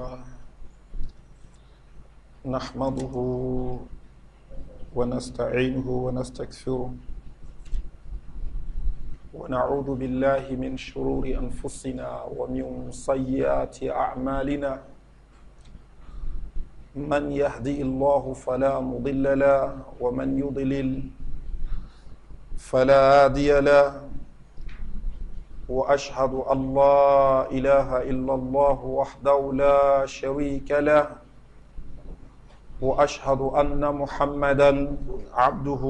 الله نحمده ونستعينه ونستكثره ونعوذ بالله من شرور أنفسنا ومن سيئات أعمالنا من يهدي الله فلا مضل له ومن يضلل فلا هادي له واشهد ان لا اله الا الله وحده لا شريك له واشهد ان محمدا عبده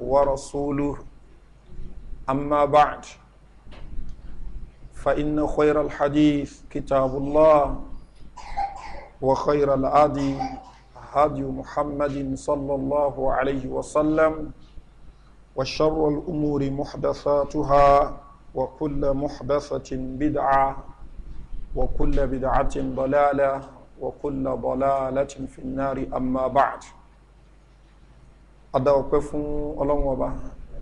ورسوله اما بعد فان خير الحديث كتاب الله وخير الادي هدي محمد صلى الله عليه وسلم وشر الامور محدثاتها وكل محدثة بدعة وكل بدعة ضلالة وكل ضلالة في النار أما بعد أدوقف الله وبا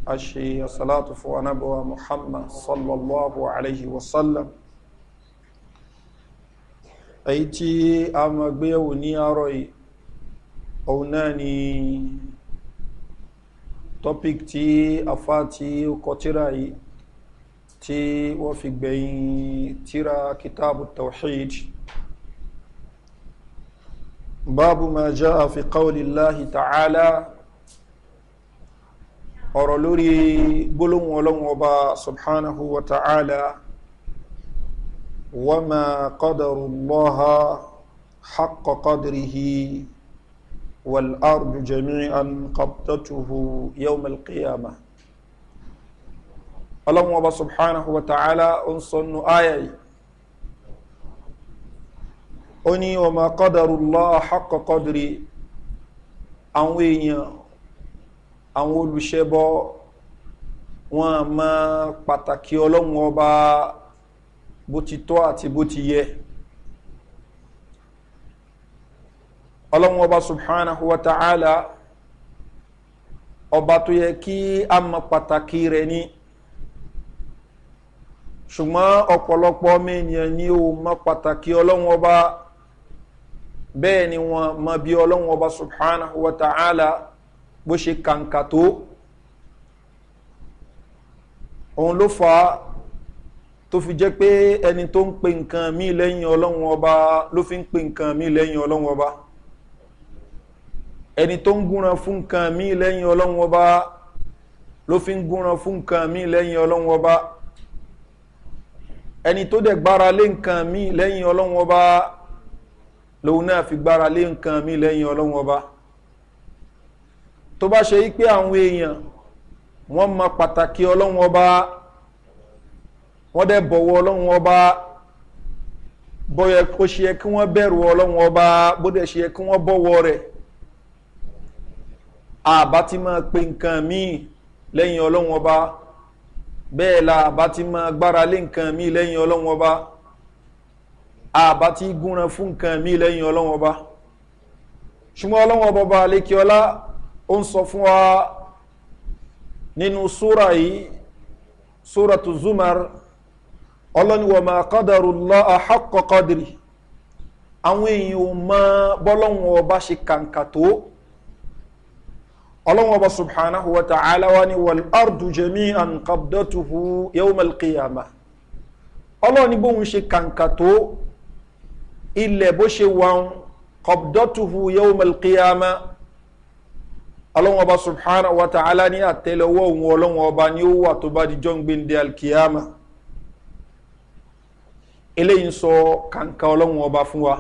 أشي الصلاة فوانبوى محمد صلى الله عليه وسلم أيتي أما بيوني أروي òun náà ni topic tí afá tí ó kọtíra yìí tí wọ́n fi gbẹ̀yìn tíra kitabu tawhid babu ma já fi qawlillahi ta'ala ọ̀rọ̀ lórí gbólóhùn ọlọ́run ọba subhanahu wa ta'ala wa ma qadaru allaha haqqa qadrihi wal jami'an qabtatuhu yawm al qiyamah ọlọ́run ọba subhanahu wa ta'ala ó ń sọ nù ayà yìí ó ní ọmọ kọ́dọ̀rù lọ́ọ̀họ́kọ̀kọ́dìrì àwọn èèyàn àwọn olùṣẹ́bọ wọn a máa pàtàkì ọlọ́run ọba bó ti tọ́ àti bó ti yẹ ọlọ́run ọba subhanahu wa ta'ala ọba tó yẹ kí a mọ pàtàkì rẹ̀ ní ṣùgbọ́n ọ̀pọ̀lọpọ̀ ọmọ ènìyàn ni ó mọ pàtàkì ọlọ́run ọba bẹ́ẹ̀ ni wọ́n mọ bí ọlọ́run ọba subhana wa ta'ala bó ṣe kàǹkà tó òun ló fà á tó fi jẹ́ pé ẹni tó ń pe nǹkan mí lẹ́yìn ọlọ́run ọba ló fi ń pe nǹkan mí lẹ́yìn ọlọ́run ọba ẹni tó ń gúnran fún nǹkan mí lẹ́yìn ọlọ́run ọba ló fi ń gúnran fún nǹkan mí lẹ́yìn ọlọ́run ọba ẹni tó dẹ̀ gbára lé nǹkan mi lẹ́yìn ọlọ́run ọba lòun náà fi gbára lé nǹkan mi lẹ́yìn ọlọ́run ọba tó bá ṣe pé àwọn èèyàn wọ́n mọ pàtàkì ọlọ́run ọba wọ́n dẹ̀ bọ̀wọ́ ọlọ́run ọba bọ́yẹ ó ṣe yẹ kí wọ́n bẹ̀rù ọlọ́run ọba bó dẹ̀ ṣe yẹ kí wọ́n bọ̀wọ́ rẹ̀ àbá ti máa pe nǹkan míì lẹ́yìn ọlọ́run ọba bẹ́ẹ̀ la àbá ti máa gbára lé nǹkan mí lẹ́yìn ọlọ́run ọba àbá ti gúnran fún nǹkan mí lẹ́yìn ọlọ́run ọba ṣùgbọ́n ọlọ́run ọba ọba alékiọlá ó ń sọ fún wa nínú súra yìí súra tó zumar ọlọ́niwọ̀ máa kọ́dàrú lọ àhọ́kọ́ àwọn èèyàn ò mọ bọ́lọ́run ọba ṣe kàǹkà tó ọlọ́wọ́n ọba subhanahu wa ta'ala wa ni wal ardu jami'an qabdatuhu yawmal qiyamah ọlọ́run ní bóun ṣe kàǹkà tó ilẹ̀ bó ṣe wọn qabdatuhu yawmal qiyamah ọlọ́wọ́n ọba subhanahu wa ta'ala ní àtẹlẹwọ́ òun ọlọ́wọ́n ọba ní ó wà tó bá di jọ́ngbìndé alkiyama eléyìí sọ kàǹkà ọlọ́wọ́n ọba fún wa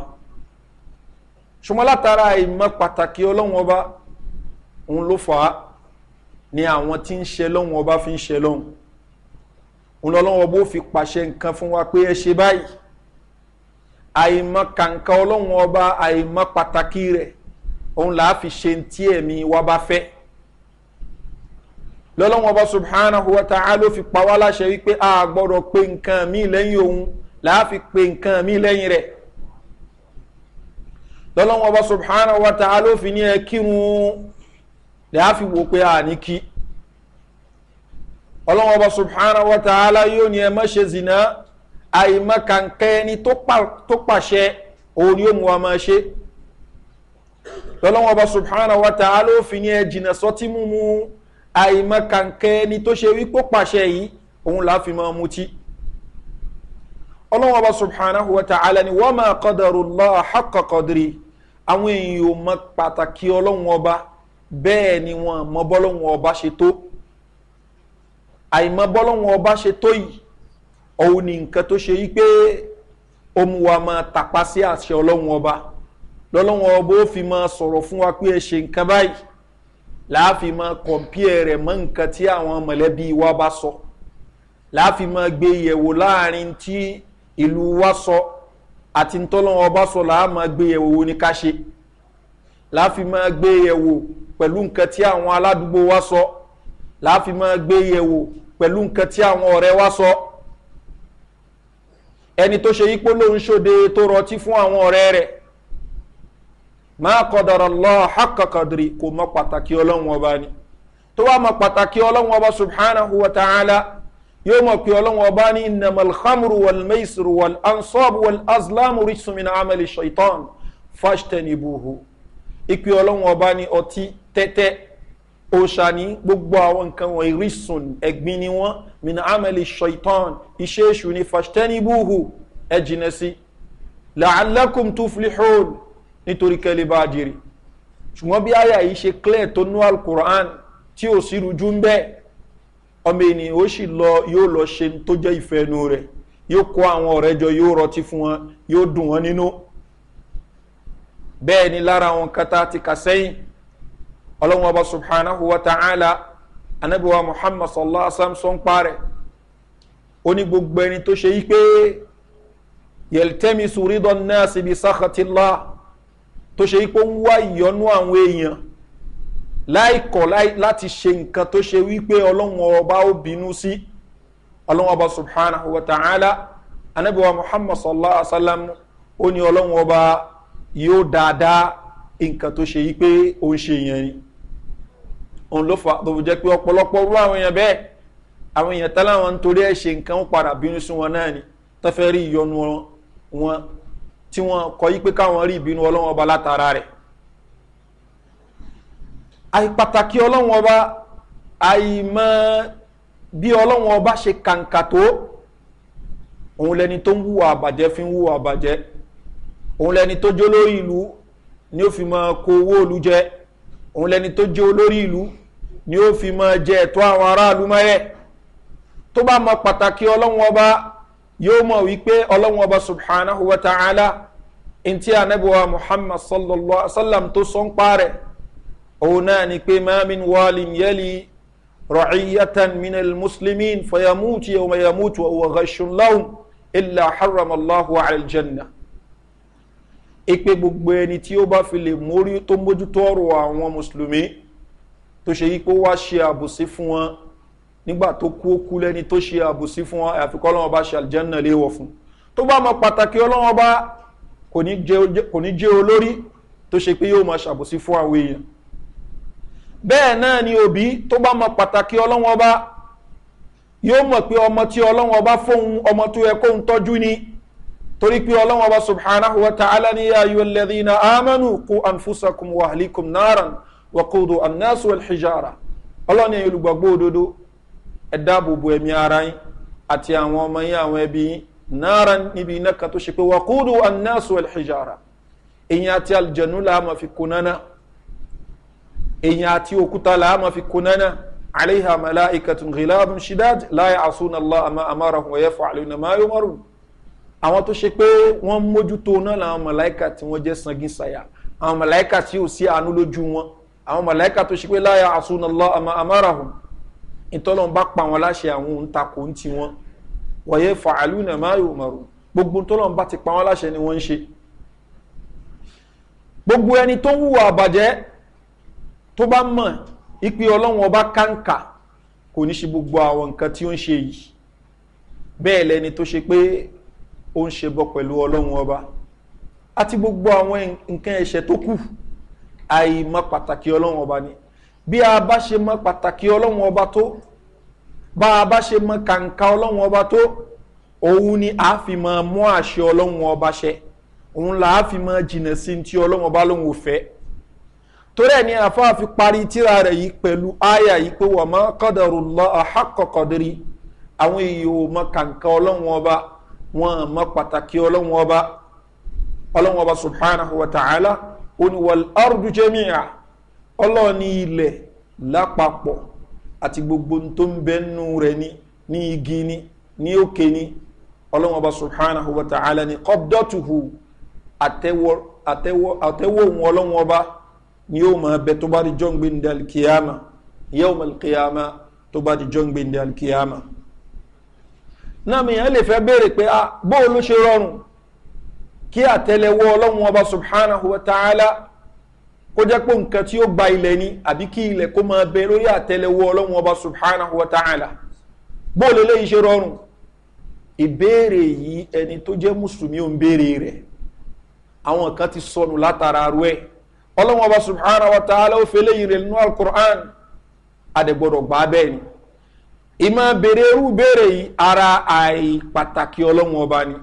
ṣùgbọ́n látara ìmọ̀ pàtàkì ọlọ́wọ́n ọba òun ló fà á ni àwọn tí ń ṣe lọ́hùn ọba fi ń ṣe lọ́hùn òun lọ́lọ́wọ́ bó fi pàṣẹ nǹkan fún wa pé ẹ ṣe báyìí àìmọ kàǹkà ọlọ́hùn ọba àìmọ pàtàkì rẹ̀ òun là á fi ṣe tí ẹ̀mí wa bá fẹ́ lọ́lọ́wọ́ ọba subhanahu wa ta'ala ló fi pa wá láṣẹ wípé a gbọ́dọ̀ pé nǹkan míì lẹ́yìn òun là á fi pé nǹkan míì lẹ́yìn rẹ̀ lọ́lọ́wọ́ ọba subhanahu wa ta'ala ló fi ní ẹ kírun ni a fi wo pé a ní kí ọlọ́wọ́ bá subhana wa ta'ala yóò ní ẹ má ṣe zina àìmọ́ kàǹkẹ́ ni tó pàṣẹ òun yóò mú wa máa ṣe lọ́lọ́wọ́ bá subhana wa ta'ala ó fi ní ẹ jìnà sọtí mímú àìmọ́ kàǹkẹ́ ni tó ṣe wípé pàṣẹ yìí òun là fi máa mutí ọlọ́wọ́ bá subhana wa ta'ala ni wọ́n máa kọ́dọ̀rọ̀ lọ́ọ́ àkọ́kọ́dìrì àwọn èèyàn ò mọ pàtàkì ọlọ́wọ́ ọba bẹ́ẹ̀ ni wọn mọ bọ́lọ́hún ọba ṣe tó àìmọ bọ́lọ́hún ọba ṣe tó yìí òun ni nǹkan tó ṣe yí pé omi wa máa tàpá sí àṣẹ ọlọ́hún ọba lọ́lọ́hún ọba ó fi máa sọ̀rọ̀ fún wa pé ẹ ṣe nǹkan báyìí láàfin máa kọ̀m̀pìẹ̀ rẹ̀ nkan nǹkan tí àwọn wa bá sọ láàfin máa gbé yẹ̀wò láàrin tí wa sọ àti sọ làá máa gbé yẹ̀wò wo ni ká ṣe láàfin máa pẹ̀lú nǹkan tí àwọn aládùúgbò wa sọ láàfin máa gbé yẹ̀wò pẹ̀lú nǹkan tí àwọn ọ̀rẹ́ wa sọ ẹni tó ṣe yípo ló ń ṣòde tó rọtí fún àwọn ọ̀rẹ́ rẹ̀ máa kọ̀dọ̀rọ̀ lọ hákàkàdìrì kò mọ pàtàkì ọlọ́run ọba ni tó wá mọ pàtàkì ọlọ́run ọba subhanahu wa ta'ala yóò mọ̀ pé ọlọ́run ọba ní ìnàmọ̀lhámùrù wàlmẹ́sìrù wàlánṣọ́ọ̀bù wàlásìlámù rísùmínà amẹ́lì ṣaitan fásitẹ́nìbùhù ìpè ọlọ́run ọba ní ọtí tẹ́tẹ́ òòṣà ní gbogbo àwọn nǹkan wọn ìrísùn ẹ̀gbin ni wọ́n mina amẹ́lì ṣọ̀ìtàn iṣẹ́ èṣù ni fàṣtẹ́nibúhù ẹ jìnà sí làálẹ́kùn tó fi hàn nítorí kẹ́lẹ́ bá jèrè ṣùgbọ́n bí àyà yìí ṣe clear tó nú alukur'an tí ò sí rújú ń bẹ́ẹ̀ ọmọ ènìyàn ó sì lọ yóò lọ ṣe tó jẹ́ ìfẹ́ rẹ̀ yóò kó àwọn ọ̀rẹ́ jọ yóò rọtí fún wọn yóò dùn wọn nínú bẹ́ẹ̀ ni lára àwọn kata ti kà sẹ́yìn ọlọ́run ọba subhanahu wa ta'ala anabiwa muhammad sallallahu alaihi wa sallam parẹ́ ó ní gbogbo ẹni tó ṣe yí pé yẹltẹ́mi sùrídọ̀ náà síbi sáxàtìlá tó ṣe yí pé ó ń wá ìyọnú àwọn èèyàn láìkọ̀ láti ṣe nǹkan tó ṣe wípé ọlọ́run ọba ó bínú sí ọlọ́run ọba subhanahu wa ta'ala anabiwa muhammad sallallahu alaihi wa ó ní ọlọ́run ọba yóò dáadáa nǹkan tó ṣe yí pé ó ń ṣe yẹn ni òun ló fà á tó fi jẹ́ pé ọ̀pọ̀lọpọ̀ rú àwọn èèyàn bẹ́ẹ̀ àwọn èèyàn tá láwọn ń torí ẹ̀ ṣe nǹkan ó padà bínú sí wọn náà ni tó fẹ́ rí ìyọnu wọn tí wọn kọ yí pé káwọn rí ìbínú ọlọ́wọ́n ọba látara rẹ̀ àìpàtàkì ọlọ́wọ́n ọba àìmọ́ bí ọlọ́wọ́n ọba ṣe kàǹkà tó òun lẹni tó ń wúwa àbàjẹ́ fi ń wúwa àbàjẹ́ òun lẹni tó jó lórí ìlú ni ó fi mọ kó owó òlu jẹ́ òun lẹni tó jẹ́ olórí ìlú ni ó fi máa jẹ ẹ̀tọ́ àwọn aráàlú mọ́yẹ́ tó bá mọ pàtàkì ọlọ́run ọba yóò mọ̀ wípé ọlọ́run ọba subhanahu wa ta'ala ntí anabiwa muhammad sallallahu alaihi wa sallam tó sọ ń parẹ́ òun náà ni pé mamin walim yẹli rọ̀cíyàtàn min muslimin fayamuti yawma yamutu wa huwa ghashun lahum illa harrama allahu ala aljanna ipe gbogbo ẹni tí ó bá fi lè mórí tó mójútó ọ̀rọ̀ àwọn mùsùlùmí tó ṣe yí pé ó wá ṣe àbòsí fún wọn nígbà tó kú ó kú lẹ́ni tó ṣe àbòsí fún wọn àfi kọ́ ọlọ́wọ́n bá ṣe àlìjẹ́nà léwọ̀ fún tó bá mọ pàtàkì ọlọ́wọ́n bá kò ní jẹ́ olórí tó ṣe pé yóò máa ṣàbòsí fún àwọn èèyàn bẹ́ẹ̀ náà ni òbí tó bá mọ pàtàkì ọlọ́wọ́n bá yóò mọ̀ pé ọmọ tí ọlọ́wọ́n bá fóun ọmọ tó yẹ kóun tọ́jú ni torí pé ọlọ́wọ́n ọba subhanahu wa ta'ala ni ayọ̀ lẹ́dínà amánú kú anfusakum wa alikum náírà wakudu annasu alhijara ọlọ́ni ẹ̀yin olùgbàgbọ́ òdodo ẹ̀dá àbòbò ẹ̀mí ara yín àti àwọn ọmọ yín àwọn ẹbí yín náírà níbi iná kan tó ṣe pé wakudu annasu alhijara ẹ̀yin àti aljanu la ma fi kunana ẹ̀yin àti òkúta la ma fi kunana alayha malaikatun ghilabun shidad la ya'asuna allah ama amara wa yaf'aluna ma yumarun àwọn tó ṣe pé wọ́n mójútó náà làwọn mọ̀láìkà tí wọ́n jẹ́ sanginsaya àwọn mọ̀láìkà tí ò sí àánú lójú wọn àwọn mọ̀láìkà tó ṣe pé láyà àsunàlá amárahùn ìtọ́lọ́n bá pa wọn láṣẹ àwọn òun takò ń ti wọn wọ̀nyẹ́ fàálù náà yóò mọ̀rọ̀ gbogbo tọ́lọ́n bá ti pa wọn láṣẹ ni wọ́n ń ṣe gbogbo ẹni tó ń wùwà àbàjẹ́ tó bá mọ̀ ipe ọlọ́run ọba kàǹkà kò ní ṣe gbogbo àwọn nǹkan tí ó ń ṣe yìí bẹ́ẹ̀ lẹni tó ṣe pé ó ń ṣe bọ́ pẹ̀lú ọlọ́run ọba àti gbogbo àwọn nǹkan ẹ̀ṣẹ̀ tó kù àìmọ pàtàkì ọlọ́run ọba ni bí a bá ṣe mọ pàtàkì ọlọ́run ọba tó bá a bá ṣe mọ kàǹkà ọlọ́run ọba tó òun ni a fi mọ ọba ṣẹ òun là á fi mọ jìnnà sí ọba lòun ò fẹ́ torí àfáà fi parí tíra yìí pẹ̀lú àyà yìí pé wọ́n mọ kọ́dọ̀rù lọ àwọn èèyàn ọlọ́run ọba wọn mọ pàtàkì ọlọ́wọ́n ọba ọlọ́wọ́n ọba subhanahu wa ta'ala oníwàl ardu jẹ́míà ọlọ́ọ̀ni ilẹ̀ lápapọ̀ àti gbogbo tó ń bẹ́nu rẹ̀ ni ní igi ni ní òkè ni ọlọ́wọ́n ọba subhanahu wa ta'ala ni kọ́bdọ́tuhu àtẹ́wọ́ òun ọlọ́wọ́n ọba ni yóò máa bẹ tó bá di jọ́ngbìn dàlkìyàmà yóò máa tó bá di jọ́ngbìn dàlkìyàmà náà mìíràn lè fẹ́ béèrè pé a ah, bóò ló ṣe rọrùn kí àtẹlẹwọ ọlọ́run ọba subhanahu wa ta'ala kó jẹ́ pé nǹkan tí ó gba ilẹ̀ ni àbí kí ilẹ̀ kó máa bẹ lórí àtẹlẹwọ ọlọ́run ọba subhanahu wa ta'ala bóò lè ṣe rọrùn ìbéèrè yìí ẹni tó jẹ́ mùsùlùmí ò ń béèrè rẹ̀ àwọn kan ti sọnù látara arú ẹ̀ ọlọ́run ọba subhanahu wa ta'ala ó fẹ́ léyìí rẹ̀ nínú alukur'an àdẹ̀gbọ́dọ̀ gbà bẹ́ẹ̀ ni ìmọ̀ béèrè irú béèrè yìí ara àìpàtàkì ọlọ́run ọba ni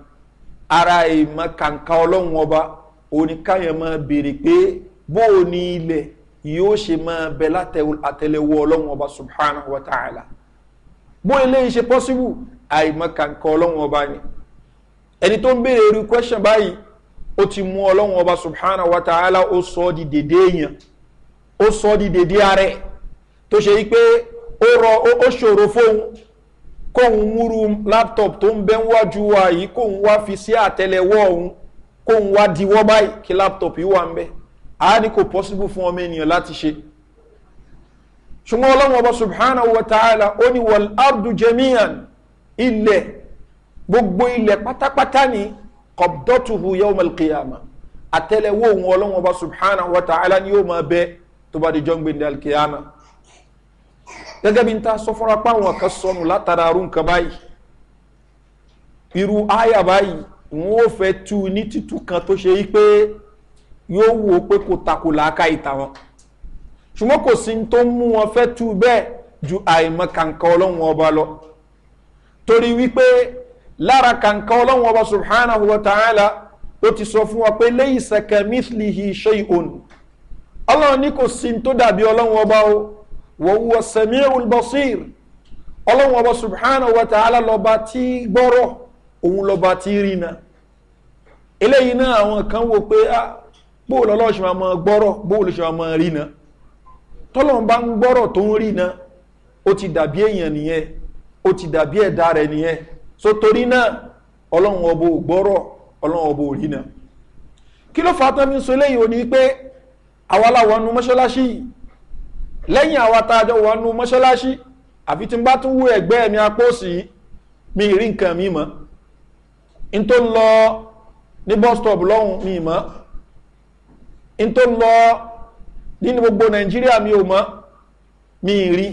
ara ìmọ̀ kàǹkà ọlọ́run ọba oníkáyọ̀ máa béèrè pé bó o ní ilẹ̀ yóò ṣe máa bẹ látẹlẹwọ ọlọ́run ọba subhanahu wa ta'ala bó ilé yìí ṣe pọ́síbù àìmọ̀ kàǹkà ọlọ́run ọba ni ẹni tó ń béèrè irú question báyìí ó ti mú ọlọ́run ọba subhanahu wa ta'ala ó sọ ọ́ di dèdé èèyàn ó sọ ọ́ di dèdé ààrẹ tó ṣe yí pé ó rọ ó ṣòro fóun kóun múru laptop tó ń bẹ́ ń wájú wa yìí kóun wá fi sí àtẹlẹwọ́ òun kóun wá diwọ́ báyìí kí laptop yìí wà ń bẹ́ á ní kò possible fún ọmọ ènìyàn láti ṣe ṣùgbọ́n ọlọ́run ọba subhanahu wa ta'ala ó ní wọ́n abdu jamian ilẹ̀ gbogbo ilẹ̀ pátápátá ni kọ̀bdọ́tuhu yóò mọ̀ kíyàmà àtẹlẹwọ́ òun ọlọ́run ọba subhanahu wa ta'ala ni yóò máa bẹ tó bá di jọ́ngbìn dàl gẹ́gẹ́ bí n ta sọ fúnra pa àwọn kan sọnù látara arú nǹkan báyìí irú àyà báyìí wọn ò fẹ́ tu ní títú kan tó ṣe yí pé yóò wò ó pé kò takò làákà ìta wọn ṣùgbọ́n kò sí tó ń mú wọn fẹ́ tu bẹ́ẹ̀ ju àìmọ kàǹkà ọlọ́run ọba lọ torí wípé lára kàǹkà ọlọ́run ọba subhanahu wa ta'ala ó ti sọ fún wa pé lẹ́yìn sẹ̀kẹ̀ mithlihi ṣe ìhòòhùn ọlọ́run ní kò sí tó dàbí ọlọ́run ọba o. wọ́wọ́ sẹ̀míhùn bọ́sír ọlọ́run ọba subhana wa ta'ala lọ́ba tí gbọ́rọ̀ òun lọ́ba tí rìnà eléyìí náà àwọn kan wo pé a ah, bóò lọ́lọ́ṣùn àmọ́ gbọ́rọ̀ bóò lọ́ṣùn àmọ́ rìnà tọ́lọ́run bá ń gbọ́rọ̀ tó ń ó ti dàbí èèyàn nìyẹn ti dàbí ẹ̀dá rẹ̀ so torí náà ọlọ́run ọba ò gbọ́rọ̀ ọlọ́run ọba ò kí ló fà á tán fi so lẹ́yìn àwa tá a jọ wọnú mọ́ṣáláṣí àfi tí n bá tún wú ẹ̀gbẹ́ mi apóòsì yìí mi rí nǹkan mi mọ́ n tó lọ ní bus stop lọ́hùn mi mọ́ n tó lọ nínú gbogbo nàìjíríà mi ò mọ́ mi rí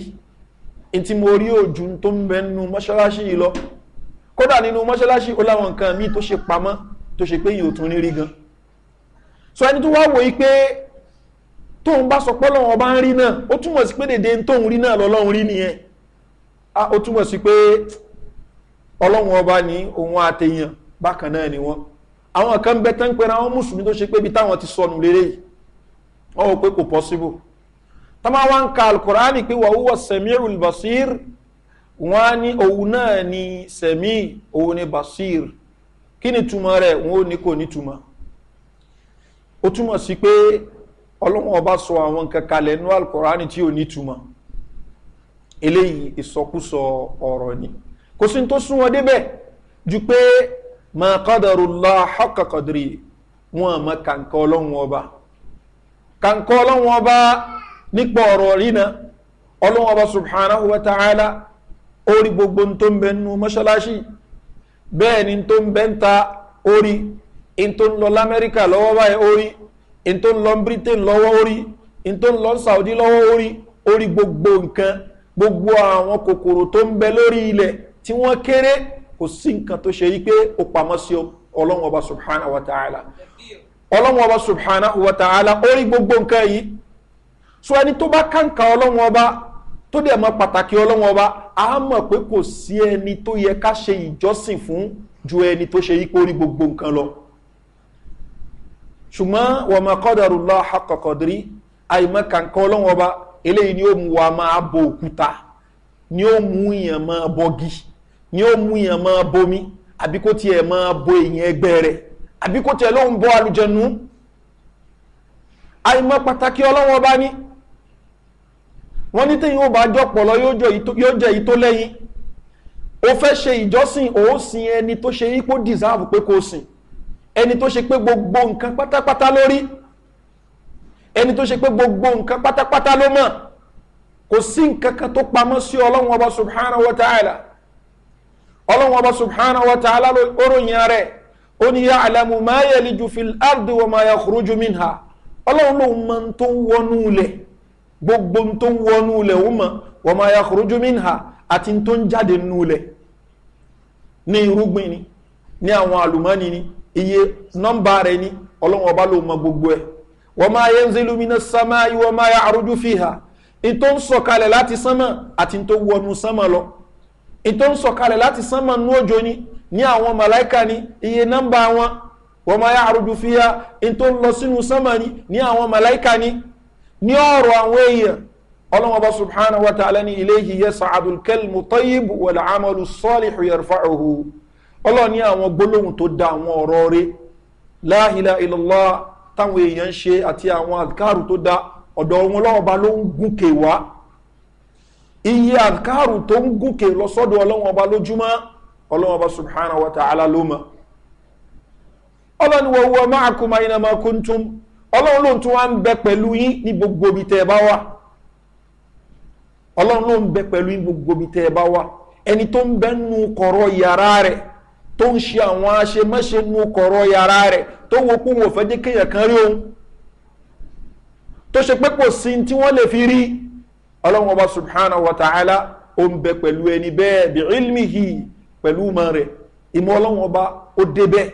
n tí mo rí òjò tó ń bẹ nínú mọ́ṣáláṣí yìí lọ kódà nínú mọ́ṣáláṣí ó láwọn nǹkan mi tó ṣe pamọ́ tó ṣe pé yìí ò tún rí rí gan so ẹni tó wá wòye pé tóun bá sọ pé ọlọ́run ọba ń rí náà ó túmọ̀ sí pé dèdè ń tóun rí náà lọ́lọ́run rí nìyẹn ó túmọ̀ sí pé ọlọ́run ọba ní òun àtẹ̀yàn bákan náà ni wọ́n àwọn kan bẹ tán pẹ́ra wọn mùsùlùmí tó ṣe pé ibi táwọn ti sọnù lérè yìí wọ́n wò pé kò possible tọ́mọ wa ń ka alukur'ani pé wà wúwọ́ sẹ̀mírù basir wọ́n á ní òun náà ni sẹ̀mí òun ni basir kí ni túmọ̀ rẹ̀ wọ́n ò ní kò ní túmọ̀ ó túmọ̀ sí pé ọlọ́wọ́n ọba sọ àwọn nǹkan kalẹ̀ nú alukurani tí ò ní túmọ̀ eléyìí ìsọkúsọ ọ̀rọ̀ ni kò sí tó sún wọn débẹ̀ ju pé máa kọ́dọ̀rù lọ ọkọ̀kọ̀dìrì wọn àmọ́ kàǹkà ọlọ́wọ́n ọba kàǹkà ọlọ́wọ́n ọba nípa ọ̀rọ̀ rínà ọlọ́wọ́n ọba subhanahu wa ta'ala orí gbogbo tó ń bẹ nú mọ́ṣáláṣí bẹ́ẹ̀ ni tó ń bẹ́ ń ta orí in tó ń lọ lamẹ́ríkà lọ́wọ́ báyìí orí in tó ń lọ britain lọ́wọ́ orí in tó ń lọ saudi lọ́wọ́ orí orí gbogbo nǹkan gbogbo àwọn kòkòrò tó ń bẹ lórí ilẹ̀ tí wọ́n kéré kò sí nǹkan tó ṣe yí pé ó pamọ́ sí ọlọ́run ọba subhanahu wa ta'ala ọlọ́run ọba subhanahu wa ta'ala orí gbogbo nǹkan yìí so ẹni tó bá kàǹkà ọlọ́run ọba tó dẹ̀ mọ pàtàkì ọlọ́run ọba a mọ̀ pé kò sí ẹni tó yẹ ká ṣe ìjọsìn fún ju ẹni tó ṣe yí pé orí gbogbo nǹkan lọ ṣùgbọ́n wọ́n máa kọ́dọ̀rù lọ àkọ́kọ́dírí àìmọ́ kàǹkọ́ ọlọ́wọ́n ọba eléyìí ni ó mú wa máa bo òkúta ni ó mú yàn máa bọ́gi ni ó mú yàn máa bomi àbí kó tiẹ̀ máa bo èèyàn ẹgbẹ́ rẹ̀ àbí kó tiẹ̀ ló ń bọ́ alùjẹnu àìmọ́ pàtàkì ọlọ́wọ́n ọba ni wọ́n ní tẹ́yìn ó bá jọpọ̀ lọ yóò jẹ́ èyí tó lẹ́yìn o fẹ́ ṣe ìjọsìn òun sin ẹni tó ṣe yí pé kó sìn ẹni tó ṣe pé gbogbo nǹkan pátápátá lórí ẹni tó ṣe pé gbogbo nǹkan pátápátá ló mọ̀ kò sí nǹkan kan tó pamọ́ sí ọlọ́run ọba subhanahu wa ta'ala ọlọ́run ọba subhanahu wa ta'ala oróyìn rẹ̀ ó ní yá àlàmù máa yẹ lè ju fil ardi wa máa yẹ kúrújú mi ha ọlọ́run ló mọ tó ń wọnú lẹ̀ gbogbo tó ń wọnú lẹ̀ ó mọ̀ wa máa yẹ kúrújú mi ha àti tó ń jáde nù lẹ̀ ní irúgbìn ni ní àwọn àlùmọ́ni ni. ni iye nọ́mbà rẹ̀ ni ọlọ́run ọba ló mọ gbogbo ẹ̀ wọ́n máa yẹ ń zé lumina sámá ìwọ́n máa yà àrùjú fi hà ìtò ń sọ̀kalẹ̀ láti sánmà àti ìtò wọnú sánmà lọ ìtò ń sọ̀kalẹ̀ láti sánmà nú òjò ni ní àwọn màláìka ni iye nọ́mbà wọn wọ́n máa yà àrùjú fi hà ìtò ń lọ sínú sánmà ni ní àwọn màláìka ni ní ọ̀rọ̀ àwọn èèyàn ọlọ́wọ́ bá subhanahu wa ta'ala ni ilé yìí yẹ sàádùn kẹlmù tọ́yìbù wàlá àmàlù sọ́ọ̀lì ọlọ́run ní àwọn gbólóhùn tó da àwọn ọ̀rọ̀ rẹ láhìlá ìlọ́lá táwọn èèyàn ń ṣe àti àwọn àdìkáàrù tó da ọ̀dọ̀ wọn lọ́wọ́ ba ló ń gúnkè wá iye àdìkáàrù tó ń gúnkè lọ sọ́dọ̀ ọlọ́wọ́n ọba lójúmọ́ ọlọ́wọ́n ọba subhana wa ta'ala ló mọ̀ ọlọ́run wọ́wọ́ máa kú máa iná máa kú tún ọlọ́run ló ń tún wá ń bẹ pẹ̀lú yín ní gbogbo ibi tẹ́ ẹ bá wà ọlọ́run ló ń bẹ pẹ̀lú yín gbogbo ibi tẹ́ ẹ bá wà ẹni tó ń bẹ nù kọ̀rọ̀ yàrá rẹ̀ tó ń ṣe àwọn aṣemọ́ṣe nu kọ̀rọ̀ yàrá rẹ̀ tó wo kó wọn ò fẹ́ jẹ́ kéèyàn kan rí òun tó ṣe pé kò sí tí wọ́n lè fi rí ọlọ́run ọba subhanahu wa ta'ala ó ń bẹ pẹ̀lú ẹni bẹ́ẹ̀ bí ilmihi pẹ̀lú mọ rẹ̀ ìmọ̀ ọlọ́run ọba ó dé bẹ́ẹ̀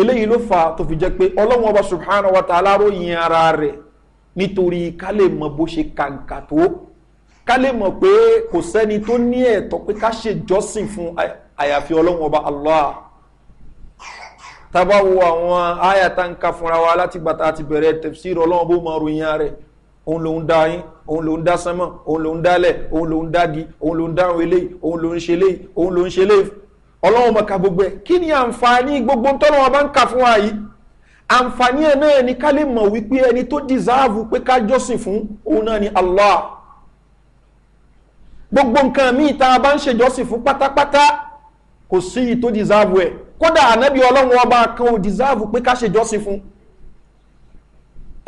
eléyìí ló fa tó fi jẹ́ pé ọlọ́run ọba subhanahu wa ta'ala ròyìn ara rẹ̀ nítorí ká lè mọ bó ṣe kàǹkà tó ká lè mọ̀ pé kò sẹ́ni tó ní ẹ̀tọ́ pé ká ṣèjọ́sìn fún àyàfi ọlọ́run ọba allah tábà wo àwọn àyà tá ń ka fúnra wa láti gbàtà àti bẹ̀rẹ̀ tẹ̀síìrì ọlọ́run bó máa ròyìn rẹ̀ òun ló ń dá yín òun ló ń dá sánmọ̀ òun ló ń dálẹ̀ òun ló ń dági òun ló ń dáhùn eléyìí òun ló ń ṣe eléyìí òun ló ń ṣe eléyìí ọlọ́run mọ̀ká gbogbo ẹ̀ kí ni àǹfààní gbogbo tọ́lọ́ wọn ń kà fún wa yìí àǹfààní ẹ̀ náà ni ká lè mọ̀ wípé ẹni tó dìsáàvù pé ká jọ́sìn fún òun náà ni allah gbogbo nǹkan míì tá a bá ń ṣèjọsìn fún pátápátá kò sí i tó dìsáàbù ẹ̀ kódà ànábì ọlọ́run ọba kan ò dìsáàbù pé ká ṣèjọsìn fún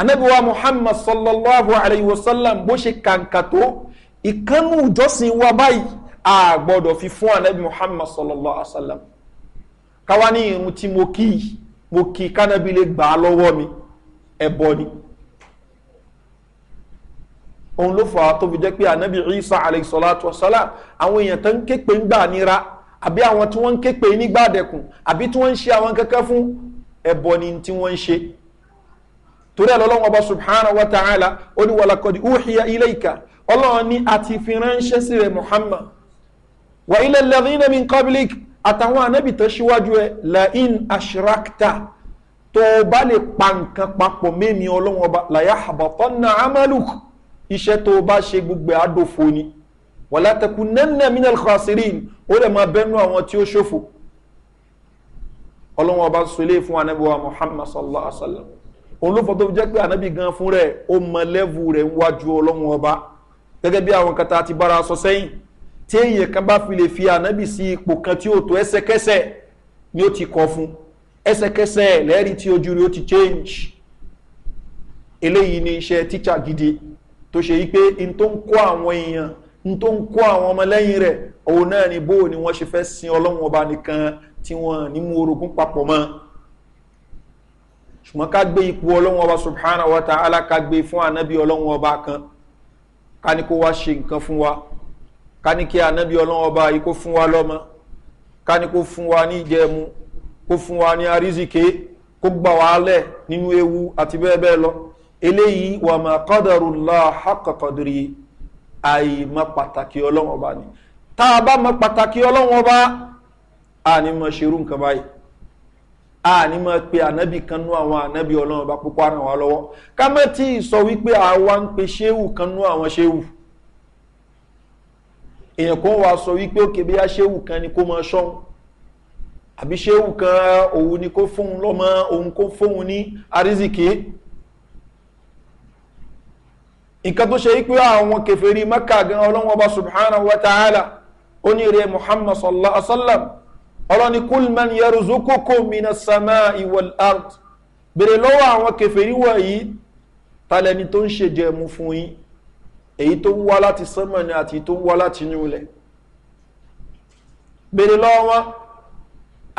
ànábì wa muhammad sallallahu alayhi wa sallam bó ṣe kàǹkà tó ìkànnù ìjọsìn wa báyìí a gbọ́dọ̀ fi fún ànábì muhammad sallallahu alayhi wa sallam káwa ní irun tí mo kí mo kí kánábì lè gbà á lọ́wọ́ mi ẹ̀bọ ni. E òun ló fà á tó fi jẹ́ pé anabi isa aleyhisalatu wasalam àwọn èèyàn tó ń ké pé ń gbà nira àbí àwọn tí wọ́n ń ké pé nígbà dẹ̀kùn àbí tí wọ́n ń ṣe àwọn kankan fún ẹ̀bọ ni tí wọ́n ń ṣe torí ẹ̀ lọ́lọ́wọ́ ọba subhana wa ta'ala ó ní wàlàkọ̀dì uhiya ilé ìka ọlọ́run ní àti fi ránṣẹ́ sí rẹ̀ muhammad wà ilẹ̀ lẹ́rìnà kọ́bílík àtàwọn anabi tó ṣíwájú ẹ̀ la'in ashrakta tó bá lè pa nǹkan papọ̀ mẹ́mi ọlọ́wọ́ ọba làyà àbàtọ́ na amaluk iṣẹ́ tó bá ṣe gbogbo àdófo ni wọ́n látẹ̀kù nẹ́nẹ́ minel khasirin ó lè máa bẹ́nu àwọn tí ó ṣòfò ọlọ́wọ́n ọba sọlé fún anábíwá muhammad sallallahu alaihi wa sallam òun ló fọ́ tó jẹ́ pé anábì gan fún rẹ̀ ó mọ lẹ́vù rẹ̀ wájú ọlọ́wọ́n ọba gẹ́gẹ́ bí àwọn kata ti bára sọ sẹ́yìn tí èèyàn kan bá fi lè fi anábì sí ipò kan tí ó tó ẹsẹkẹsẹ ni ó ti kọ fún ẹsẹkẹsẹ lẹ́rìí tí ojú rí ó ti change eléyìí ni iṣẹ́ tíṣà gidi tó ṣe yí pé n tó ń kó àwọn èèyàn n tó ń kó àwọn ọmọlẹ́yìn rẹ̀ òun náà ni bó ni wọ́n ṣe fẹ́ sin ọlọ́run ọba nìkan tí wọ́n ní mú orogún papọ̀ mọ́ ṣùgbọ́n ká gbé ipò ọlọ́run ọba subhanahu wa ta'ala ká gbé fún ànábì ọlọ́run ọba kan ká ní kó wá ṣe nǹkan fún wa ká ní kí ànábì ọlọ́run ọba yìí kó fún wa lọ́mọ ká ní kó fún wa ní ìjẹmu kó fún wa ní arísìké kó gbà wá lẹ̀ nínú ewu àti bẹ́ẹ̀ bẹ́ẹ̀ lọ eléyìí wà máa kọ́dọ̀rù lọ àkọ́kọ́dúrí àìmọ pàtàkì ọlọ́wọ́n ọba ni tá a bá mọ pàtàkì ọlọ́wọ́n ọba a ní mọ ṣerú nǹkan báyìí a ní mọ pé ànábì kan nú àwọn ànábì ọlọ́wọ́n ọba púpọ̀ ràn wá lọ́wọ́ ká mọ́ tí ì sọ wípé àwa ń pe ṣéwù kan nú àwọn ṣéwù èèyàn kan wà sọ wípé òkè bí a ṣéwù kan ni kó mọ ṣọ́hún àbí ṣéwù kan òun ni kó fóun lọ́mọ òun kó fóun ní arísìkì nǹkan tó ṣe yí pé àwọn kẹfẹ́rí mẹ́ka gan ọlọ́run ọba subhanahu wa ta'ala ó ní rẹ̀ muhammad sallallahu alaihi wa sallam ọlọ́ni kulman yaruzu kókó mina sama iwal art bèrè lọ́wọ́ àwọn kẹfẹ́rí wọ̀nyí talẹ́ni tó ń ṣe jẹ̀mú fún yín èyí tó ń wá láti sánmọ̀ àti tó wá láti inú bèrè lọ́wọ́ wọn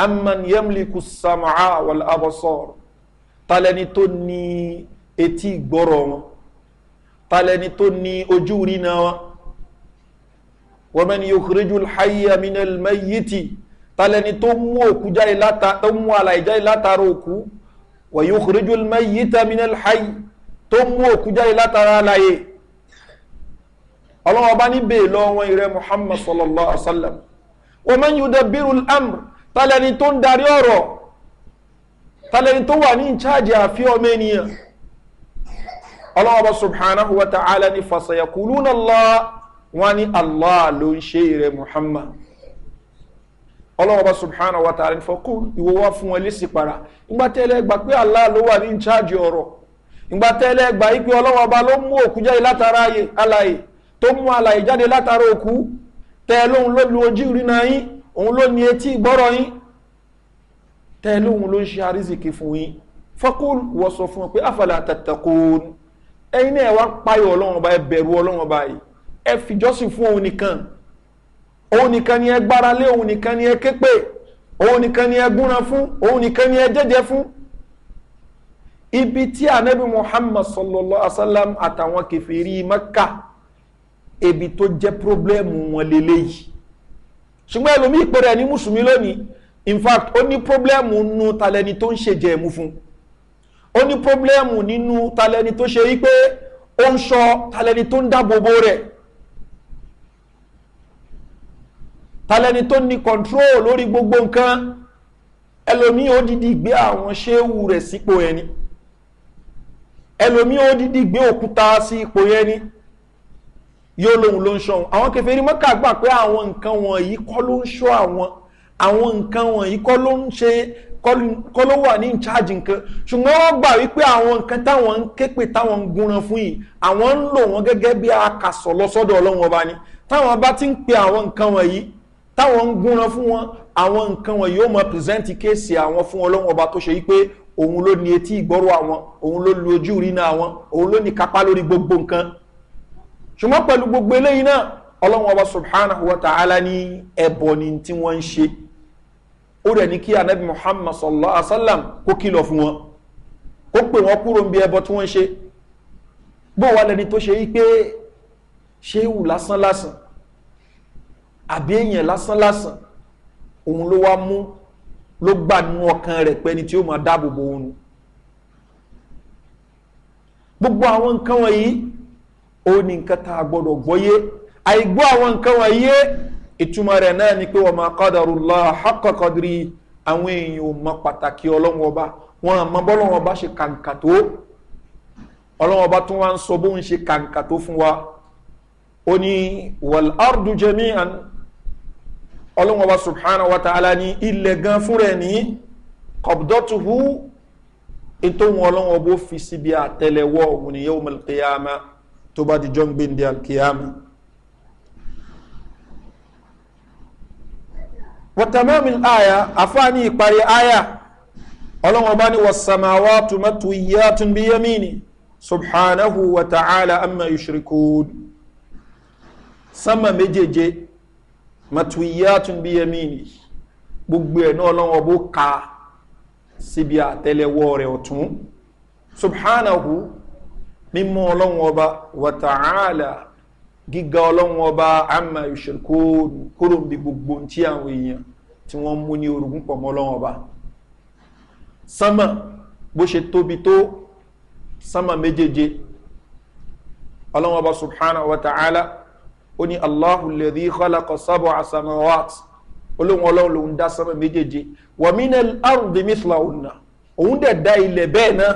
amman yamliku samaa wal abasor talẹ́ni tó ní etí ìgbọ́rọ̀ wọn talẹni tó ní ojú rí na wọn wọ́n mẹ́ni yóò kúrẹ́jù hayamina mẹ́yìtì talẹni tó mú òkú jáde láta tó mú àlàyé jáde látara òkú wọ́n yóò kúrẹ́jù mẹ́yìtàmínà hayi tó mú òkú jáde látara àlàyé ọlọ́wọ́ bá ní bèè lọ wọn ìrẹ́ muhammad sallallahu alaihi wa sallam wọ́n mẹ́ni yóò dẹ̀bírù amr talẹni tó ń darí ọ̀rọ̀ talẹni tó wà ní ìcháàjì àfi ọmọ ọlọ́wọ́bọ̀ subhanahu wa ta'ala ni fasayakulu na lọ wọn ni allah ló ń ṣe rẹ muhammad ọlọ́wọ́bọ̀ subhanahu wa ta'ala ni fọkú ìwọ wá fún wọn lẹ́sìn para ìgbà tẹ́lẹ̀ gbà pé allah ló wà ní in charge ọ̀rọ̀ ìgbà tẹ́lẹ̀ gbà yí pé ọlọ́wọ́ba ló mú òkú jáde látara alaye tó mú alaye jáde látara òkú tẹ́ lóhun ló lu ojú ìrìnà yín òun ló ní etí ìgbọ́rọ̀ yín tẹ́ lóhun ló ń ṣe àrísìkì fún yín fọkú wọ sọ fún wọn pé àfàlà tàtàkùn ẹyin náà wá payọ ọlọ́run ọba ẹ bẹ̀rù ọlọ́run ọba yìí ẹ fìjọ́sìn fún òun nìkan òun nìkan ni ẹ gbára lé òun nìkan ni ẹ ké pè òun nìkan ni ẹ gúnra fún òun nìkan ni ẹ jẹ́jẹ́ fún ibi tí anabi muhammad sallallahu alaihi wa sallam àtàwọn kẹfìrí maka ebi tó jẹ́ pírọ́blẹ́mù wọn lélẹ́yìí ṣùgbọ́n ẹlòmíì pẹ̀rẹ̀ ní mùsùlùmí lónìí in fact ó ní pírọ́blẹ́mù nu talẹ́ni tó ń ṣèjẹ́ ẹ̀mú fún un ó ní pọ́blẹ́mù nínú talẹ́ni tó ṣe wípé ó ń sọ talẹ́ni tó ń dáàbòbò rẹ̀ talẹ́ni tó ní control lórí gbogbo nǹkan ẹlòmíì ó dìdí gbé àwọn ṣéwù rẹ̀ sípò ẹni ẹlòmíì ó dìdí gbé òkúta sí ipò ẹni yóò lóhun ló ń ṣọ́ wọn àwọn kẹfẹ́ rí gbà pé àwọn nǹkan wọ̀nyí kọ́ ló ń ṣọ́ àwọn àwọn nǹkan wọ̀nyí kọ́ ló ń ṣe kọ́ ló wà ní in charge nǹkan ṣùgbọ́n wọ́n gbà wípé àwọn nǹkan táwọn ń ké pé táwọn ń gúnran fún yìí àwọn ń lò wọ́n gẹ́gẹ́ bí akasọ̀ lọ́sọ́dọ̀ ọlọ́run ọba ni táwọn bá ti ń pe àwọn nǹkan wọ̀nyí táwọn ń gúnran fún wọn àwọn nǹkan wọ̀nyí ó mọ pírẹsẹ́ǹtì kéèsì àwọn fún ọlọ́run ọba tó ṣe yí pé òun ló ní etí ìgbọ́rọ̀ àwọn òun ló lu ojú ìrìnà àwọn òun ló ní kápá wa ta'ala ní ẹ̀bọ̀ ni ó rẹ̀ ní kí anabi muhammad sallallahu alaihi wa sallam kó kìlọ̀ fún wọn kó pè wọ́n kúrò ń bí ẹbọ tí wọ́n ń ṣe bó wà lẹni tó ṣe yí pé ṣéwù lásán lásán àbí èèyàn lásán lásán òun ló wá mú ló gbà nínú ọkàn rẹ̀ pẹ́ni tí ó máa dáàbò bo òun gbogbo àwọn nǹkan wọ̀nyí ó ní nǹkan tá a gbọ́dọ̀ gbọ́yé àìgbọ́ àwọn nǹkan wọ̀nyí ìtumọ̀ rẹ̀ náà ni pé wọ́n máa kọ́dàrú lọ àkọ́kọ́dìrí àwọn èèyàn ò mọ pàtàkì ọlọ́wọ́n ọba wọn àmọ́ bọ́lọ́wọ́n ọba ṣe kàǹkà tó ọlọ́wọ́n ọba tún wá ń sọ bóun ṣe kàǹkà tó fún wa ó ní wàl ardu jẹ́mi àn ọlọ́wọ́n ọba subhanahu wa ta'ala ní ilẹ̀ gan fúnra ẹ̀ ní kọ̀bdọ́tuhu ètò wọn ọlọ́wọ́n ọba ó fi síbi àtẹlẹwọ́ òun ni yóò mọ̀ kíyàmá tó bá di jọ́ ń gbé ní wọ̀tàmọ́mì àyà àfáàní ìparí àyà ọlọ́wọ́n bá ní wọ̀sàmáwá tùmọ̀tù yíyá tún bí yẹ́mí ni subhanahu wa ta'ala amma yushrikun sama mejeje matwiyatun bi yamini gbogbo ẹ̀ náà lọ́wọ́ bó ka síbi àtẹ́lẹwọ́ rẹ̀ ọ̀tún subhanahu mímọ́ ọlọ́wọ́ ọba wa ta'ala gíga ọlọ́run ọba àmà ìṣèkó kúrò bí gbogbo tí àwọn èèyàn tí wọ́n mú ní orogún pọ̀ mọ́ ọlọ́run ọba sánmà bó ṣe tóbi tó sánmà méjèèje ọlọ́run ọba subhanahu wa ta'ala ó ní aláhùn lèdí kọ́lákọ̀ sábọ̀ àsàmọ́wàt olóhun ọlọ́run lòun dá sánmà méjèèje wàmínà àrùn dèmísìlá òun náà òun dẹ̀ dá ilẹ̀ bẹ́ẹ̀ náà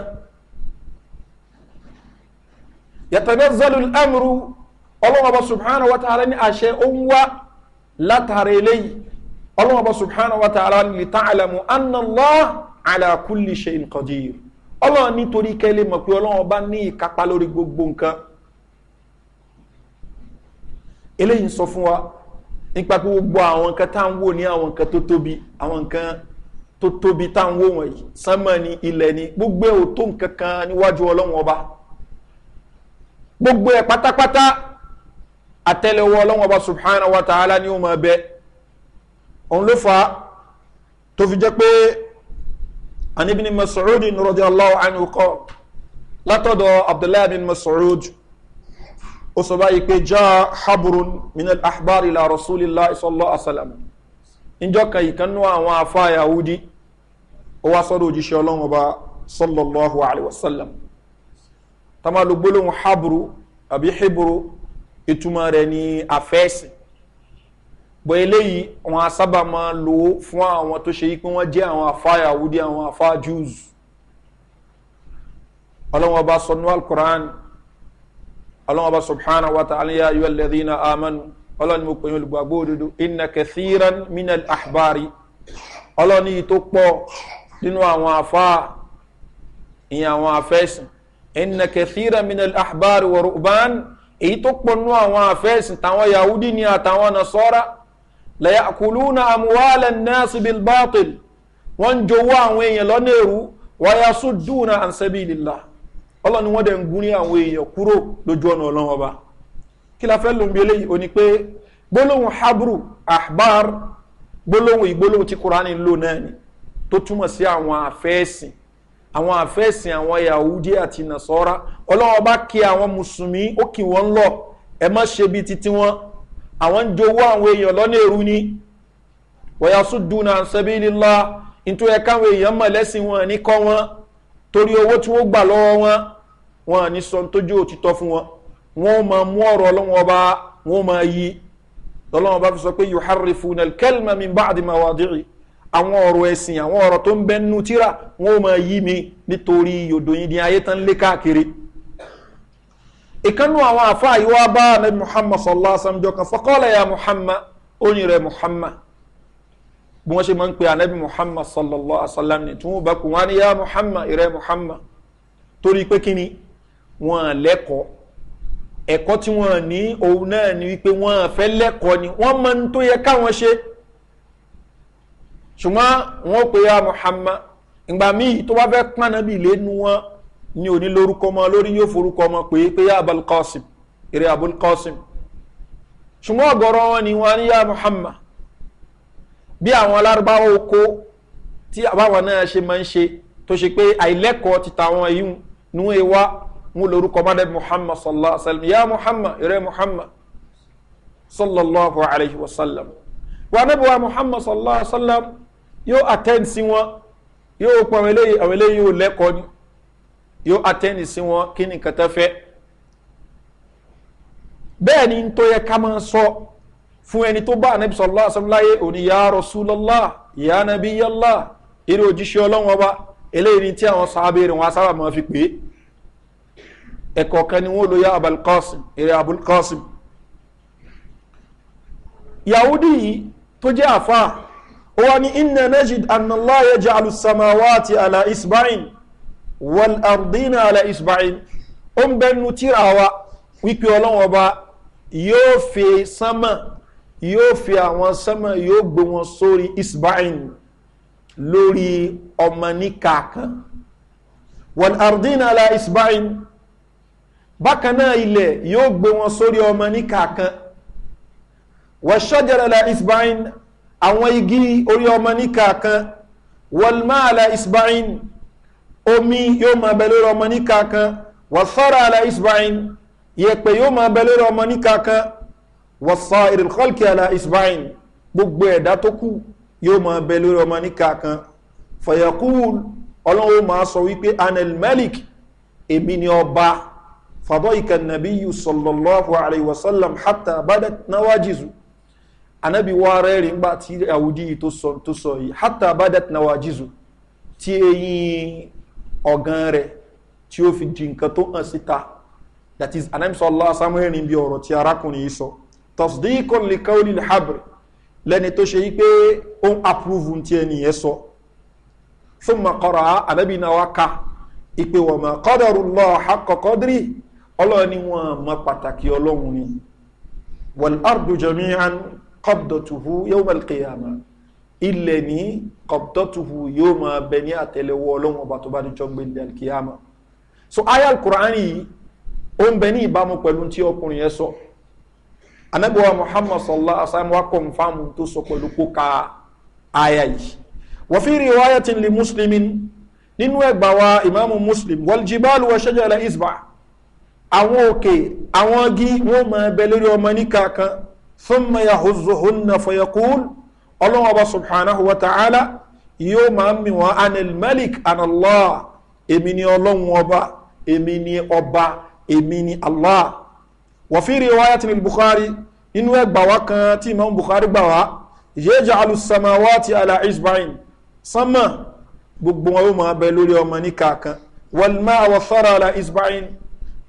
yàtọ̀ náà zálù amúrú ọlọ́wọ́ba subhana wa ta'ala ní àṣẹ òun wá látara eléyìí ọlọ́wọ́ba subhana wa ta'ala lè tán àlàmù annalọ́ àlàkùnlé ṣe nkọ̀dìr ọlọ́wọ́ nítorí kẹ́lẹ́ mọ̀ pé ọlọ́wọ́ba ní ìkápá lórí gbogbo nǹkan eléyìí ń sọ fún wa nípa pé gbogbo àwọn nǹkan tá à ń wò ní àwọn nǹkan tó tóbi àwọn nǹkan tó tóbi tá à ń wò wọ̀nyí sánmọ́ ni ilẹ̀ ni gbogbo ẹ̀ ò tó nǹkan kan níwájú ọlọ́wọ́ba gbogbo ẹ̀ pátápátá àtẹ́lẹwọ́ ọlọ́wọ́n bá subhana wa ta'ala ní ọmọ ẹbẹ òun ló fa tó fi jẹ́ pé anibini masoud nurọ́dí aláwọ̀ àánú kọ́ látọ̀dọ̀ abdullahi bin masoud ó sọ báyìí pé já haburun minal ahbar ila rasulillah sallallahu alaihi wasallam níjọ́ kan ìkànnú àwọn afá yahudi ó wá sọ́dọ̀ òjíṣẹ́ ọlọ́wọ́n bá sallallahu alaihi wasallam tamalo gbólóhùn haburu àbí heburu ìtumọ̀ rẹ̀ ní afẹ́sìn bọ́ eléyìí wọn sábà máa lò ó fún àwọn tó ṣe yí pé wọ́n jẹ́ àwọn afá yahudi àwọn afá jews ọlọ́wọ́n bá sọ nuwal quran ọlọ́wọ́n bá subhana wa ta'ala ya ayyuhal ladhina amanu ọlọ́ni mo pè é olùgbàgbọ́ òdodo inna kathiran minal ahbari ọlọ́ni yìí tó pọ̀ nínú àwọn afá ìyẹn àwọn afẹ́sìn inna kathiran minal ahbari wa ru'ban èyí tó pọnú àwọn àfẹ́sìn táwọn yahudi ni àtàwọn nasọ́ra lẹ́yà kùlúnà àmúwálẹ̀ náà síbi bátìl wọ́n ń jowó àwọn èèyàn lọ́nà èrú wáyà sùdúnà ànsẹ́bí ìlìlá ọlọ́run ni wọ́n dẹ̀ ń gún ní àwọn èèyàn kúrò lójú ọ̀nà ọlọ́run ọba kí la fẹ́ lóun bí eléyìí o ní pé gbólóhùn habru ahbar gbólóhùn ìgbólóhùn tí kúránì lò náà ni tó túmọ̀ sí àwọn àfẹ́sìn àwọn àfẹ́sìn àwọn yahudi àti nasọ́ra ọlọ́wọ́n bá kí àwọn mùsùlùmí ó kì wọ́n lọ ẹ má ṣe bíi titi wọn àwọn ń jowó àwọn èèyàn lọ́nà èrú ni wọ́yàsú dùnà sẹ́bílélá nítorí ẹ̀ka àwọn èèyàn mọ̀ lẹ́sìn wọn ní kọ́ wọn torí owó tí wọ́n gbà lọ́wọ́ wọn wọn ní sọ tójú òtítọ́ fún wọn wọn ò máa mú ọ̀rọ̀ ọlọ́wọ́n bá wọn ò máa yí lọ́lọ́wọ́n bá fi sọ pé yóò hárẹ̀ fún un kẹ́lìmọ̀ àwọn ọ̀rọ̀ ẹ̀sìn àwọn ọ̀rọ̀ tó ń bẹ́ nínú tíra wọn ò máa yí mi nítorí yòdò yìí ní ayé tán lé káàkiri ìkànnù àwọn àfáà yìí wá bá anabi muhammad sallallahu alaihi wa sallam jọ kan fọkọ́lẹ̀ ya muhammad ó ní rẹ̀ muhammad bí wọ́n ṣe máa ń pe anabi muhammad sallallahu alaihi wa sallam ni tí bá kú wọn ni ya muhammad ìrẹ́ muhammad torí pé kí ni wọ́n lẹ́kọ̀ọ́ ẹ̀kọ́ tí wọ́n ní òun náà ni wípé wọ́n fẹ́ lẹ́kọ̀ọ́ ni wọ́n máa ń tó yẹ káwọn ṣe ṣùgbọ́n wọ́n pe ya muhammad ìgbà míì tó bá fẹ́ pọ́n nábì lẹ́nu wọn ni òní lórúkọ ọmọ lórí yóò forúkọ ọmọ pé pé ya abulqasim eré abulqasim ṣùgbọ́n ọ̀gọ̀rọ̀ wọn ni wọ́n ní ya muhammad bí àwọn alárúbáwá oko tí àbáwọn náà ṣe máa ń ṣe tó ṣe pé àìlẹ́kọ̀ọ́ ti tàwọn yìí nú ewa ń lórúkọ mọ́dẹ́bí muhammad sallallahu alayhi wa sallam ya muhammad eré muhammad sallallahu alayhi wa sallam wa nabi wa muhammad sallallahu alayhi wa sallam yóò attend sí wọn yóò pọ àwọn eléyìí àwọn eléyìí yóò lẹ́kọ̀ọ́ ni yóò attend sí wọn kí ni nǹkan tán fẹ́ bẹ́ẹ̀ ni tó yẹ ká máa sọ fún ẹni tó bá anabi sọlá asọmúláyé òní ya rasulallah ya nabi yalla eré òjíṣẹ́ ọlọ́wọ́n ọba eléyìí ni tí àwọn sábẹ́ rẹ̀ wọn sábà máa fi pè é ẹ̀kọ́ kan ni wọ́n lo ya abulkasim eré abulkasim yahudi yìí tó jẹ́ àfáà ó wá ní iná najid annaláyé jẹ́ alùsàmáwáti àlà isbain wal ardina àlà isbain ó ń bẹnu tíra wa wípé ọlọ́wọ́n ọba yóò fi sánmà yóò fi àwọn sánmà yóò gbé wọn sórí isbain lórí ọmọ níkàkan wal ardina àlà isbain bákan náà ilẹ̀ yóò gbé wọn sórí ọmọ níkàkan wọ́n ṣọ́jẹ́rẹ́ àlà isbain àwọn igi orí ọmọ níka kan wọlmáàlá isbain omi yóò máa bẹ lórí ọmọ níka kan wọ́sọ́rọ̀ àlá isbain yẹ̀pẹ̀ yóò máa bẹ lórí ọmọ níka kan wọ́sọ́ ìrìnkọ́lùkì àlá isbain gbogbo ẹ̀dá tó kù yóò máa bẹ lórí ọmọ níka kan fọ̀yẹ̀kú máa sọ wípé anel malik èmi ni ọba fàbọ̀ ìkànnàbí yusọ̀lọ́lọ́ àlẹ́ ìwọ̀sọ́lọ́m hàtà bàdà náwájìzù anabi wa rẹ́rìn gbà tí àwùdí tó sọ yìí hátà badat nawajizu tí eyín ọ̀gán rẹ̀ tí ó fi di nǹkan tó hàn síta that is anabi sọlá samuelin bí ọ̀rọ̀ tí arákùnrin yìí sọ tọ̀sídìíkọ̀n lè káwọ́lì lẹ́hàbìr lẹ́ni tó ṣe yí pé ó ń approve ti ẹni yẹn sọ fún makọrọ anabi náà wá ka ìpè wọ̀ mọ́ kọ́dọ̀rù lọ́ọ́ akọ̀kọ́dírì ọlọ́ọ̀ni wọn mọ pàtàkì ọlọ́run ni wọ́n ardu jami'an kọ́bdọ̀tuhu yóò máa kè àmà ilẹ̀ ní kọ́bdọ̀tuhu yóò máa bẹ ní àtẹlẹwọ́ ọlọ́run ọba tó bá ní jọ́gbé ní alkiyama so ayal kurani yìí ó ń bẹ ní ìbámu pẹ̀lú tí ọkùnrin yẹn sọ anabiwa muhammad sallallahu alaihi wa sallam wa kọ́nfàmù tó sọ pẹ̀lú kó ka aya yìí wọ́n fi rí wáyà tí ń li muslimin nínú ẹgbà wa ìmáàmù muslim wọ́n jìbáàlù wa ṣẹ́jọ́ ilẹ̀ isba àwọn òkè àwọn igi wọ́n máa bẹ lórí ọmọ níkà kan thumma yahuzuhunna fayakul ọlọ́wọ́n ọba subhanahu wa ta'ala yóò máa ń mi wọn anil malik anallah èmi ni ọlọ́wọ́n ọba èmi ni ọba èmi ni allah wàfíìrì wáyà tí ní bukhari inú ẹgbà wá kan tí imam bukhari gbà wá yéjà alùsàmáwá ti ala isbain sánmà gbogbo wọn yóò máa bẹ lórí ọmọ ní kàkan wàlmá àwọn sọ́ra ala isbain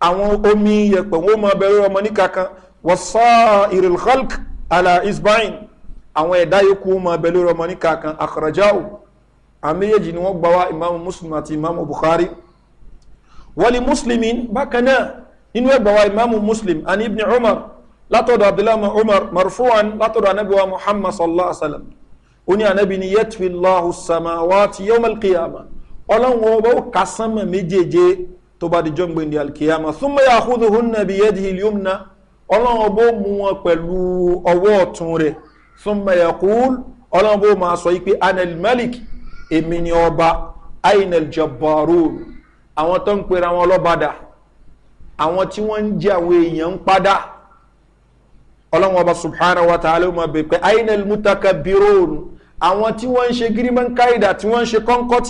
àwọn omi yẹpẹ̀ wọn máa bẹ lórí ọmọ ní kàkan wasaa'iril khalq ala isba'in àwọn ẹ̀dá yòókù ma bẹ lórí ọmọ níka kan akhrajahu àwọn méjèèjì ni wọ́n gba wa imaamu muslim àti imaamu bukhari wali muslimin bákan náà nínú ẹgbà wa imaamu muslim àni ibn umar látọ̀dọ̀ abdullahi umar marfuwan látọ̀dọ̀ anabi wa muhammad sallallahu alaihi wa sallam ó ní anabi ni yẹtùfi allahu samawati yawm alqiyama ọlọ́run ọba ó kà sánmà méjèèjì tó bá di jọ́ gbẹ̀ndì alqiyama súnmọ́ yà kúndùn hùn nàbí yẹ́dìhìl yóò náà ọlọ́run bó mú wọn pẹ̀lú ọwọ́ ọ̀tún rẹ̀ súnmọ́ ẹ̀kúl ọlọ́run bó máa sọ yìí pé anel malik èmi ni ọba ainel jabarul àwọn tó ń pera wọn lọ́bàdà àwọn tí wọ́n ń jẹ́ àwọn èèyàn ń padà ọlọ́run ọba subhanahu wa ta'ala ma bẹ̀ pé ainel mutaka birol àwọn tí wọ́n ń ṣe gírímọ̀ káyidà tí wọ́n ń ṣe kọ́ńkọ́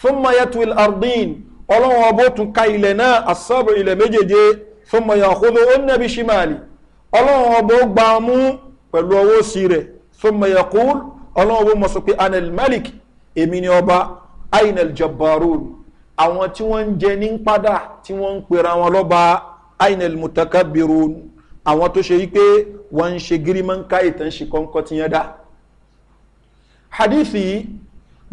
fún mayetul ardin ọlọ́run ọba ó tún ka ilẹ̀ náà asọ́bù ilẹ̀ méjèèjì fún mọ̀yàkúdó ó nẹ́bi ṣímàlì ọlọ́run ọba ó gba mú pẹ̀lú ọwọ́ sí rẹ̀ fún mọ̀yàkúl ọlọ́run ọba mọ̀ sọ pé anel malik èmi ni ọba ainel jabarun àwọn tí wọ́n ń jẹ ní padà tí wọ́n ń pera wọn lọ́ba ainel mutakabirun àwọn tó ṣe wípé wọ́n ń ṣe gírímọ́ńká ìtàn ṣe kọ́ńkọ́ tiyẹn dá hadithi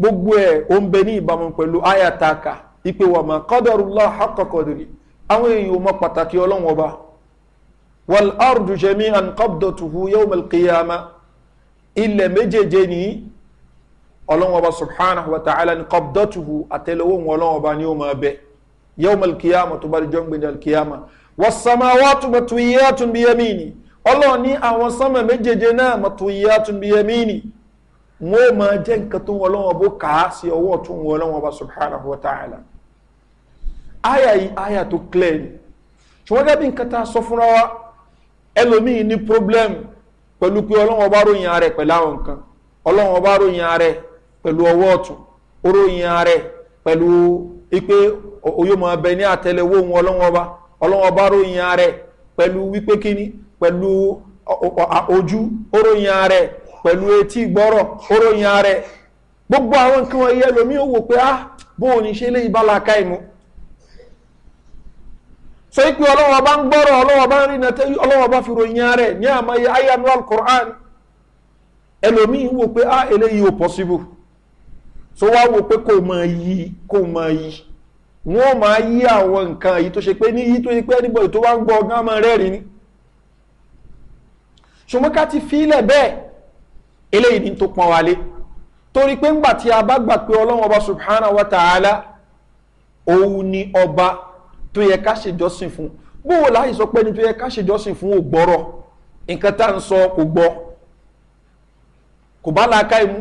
gbogbo ẹ̀ ó ń bẹ ní ìbámu pẹ̀lú ayataka ìpè wàmà kọ́dọ̀rúlọ́ àkọ́kọ́dọ̀rì àwọn èèyàn mọ pàtàkì ọlọ́run ọba wal ardu jẹmi an qabdatuhu yawm alqiyama ilẹ̀ méjèèjì ni ọlọ́run ọba subhanahu wa ta'ala ni qabdatuhu àtẹlẹwọ́ wọn ọlọ́run ọba ni ó máa bẹ yawm alqiyama tó bá di jọ́ngbìn alqiyama wasamawatu matuyatun biyamini ọlọ́run ní àwọn sánmà méjèèjì náà matuyatun biyamini wọn ó máa jẹ́ nǹkan tó wọn ọlọ́run ọba ó sí ọwọ́ tó ọlọ́run ọba subhanahu wa ta'ala àyà yìí àyà tó clear ni ṣùgbọ́n gẹ́gẹ́ bí nǹkan tá a sọ fúnra wa ẹlòmíì ní problem pẹ̀lú pé ọlọ́wọ́n bá ròyìn ààrẹ pẹ̀lú àwọn nǹkan ọlọ́wọ́n bá ròyìn ààrẹ pẹ̀lú ọwọ́ ọ̀tún ó ròyìn ààrẹ pẹ̀lú wípé oyómọ abẹ ní àtẹlẹwọ́ òun ọlọ́wọ́n bá ọlọ́wọ́n bá ròyìn ààrẹ pẹ̀lú wípé kíní pẹ̀lú ojú ó ròyìn ààrẹ pẹ̀lú etí gbọ́rọ̀ ó ròyìn ààrẹ gbogbo àwọn nǹkan wọ̀nyí ẹlòmíì ó wò pé ah bóun ní ṣe lé ìbálaka ìmú sọ pé ọlọ́wọ́ bá ń gbọ́rọ̀ ọlọ́wọ́ bá ń rìnà tẹ́ ọlọ́wọ́ bá fi ròyìn rẹ̀ ní àmọ́yé ayanu alukur'an ẹlòmíín wò pé ah eléyìí ò possible so wá wò pé kò mọ yí kò mọ yí wọn máa yí àwọn nǹkan yìí tó ṣe pé ní yí tó ṣe pé níbo ètò wa ń gbọ́ ọgán máa rẹ́rìn ni ṣùgbọ́n ká fílẹ̀ bẹ́ẹ̀ eléyìí ni tó pọn wálé torí pé ńgbà tí a bá gbà pé ọlọ́wọ́n ọba subhanahu wa ta'ala òun ni ọba tó yẹ ká ṣèjọsìn fún bóò láyé sọ pé ẹni tó yẹ ká fún ò gbọ́rọ̀ nǹkan kò gbọ́ kò bá láàká imú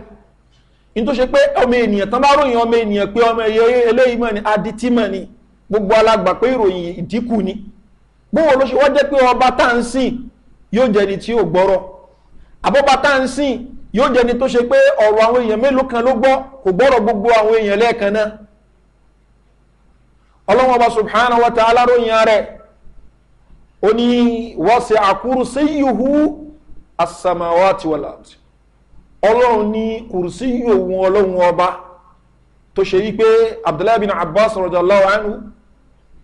ní tó ṣe pé ọmọ ènìyàn tán bá ròyìn ọmọ ènìyàn pé ọmọ ẹyẹ eléyìí gbogbo alágbà pé ìròyìn ìdínkù ni ló ṣe ọba tá à ń sìn yóò jẹ́ ni tí ò gbọ́rọ̀ pé ọ̀rọ̀ àwọn èèyàn kan ló gbọ́ gbogbo àwọn èèyàn lẹ́ẹ̀kan ọlọ́wọ́n bá subhanahu wa ta'ala ròyìn rẹ̀ ó ní wọ́n ṣe àkúrú sí yuhu asamawa ti wà láti ọlọ́run ní kùrùsí yòówùn ọlọ́run ọba tó ṣe yí pé abdullahi bin abbas rọjò aláwọ̀ ánú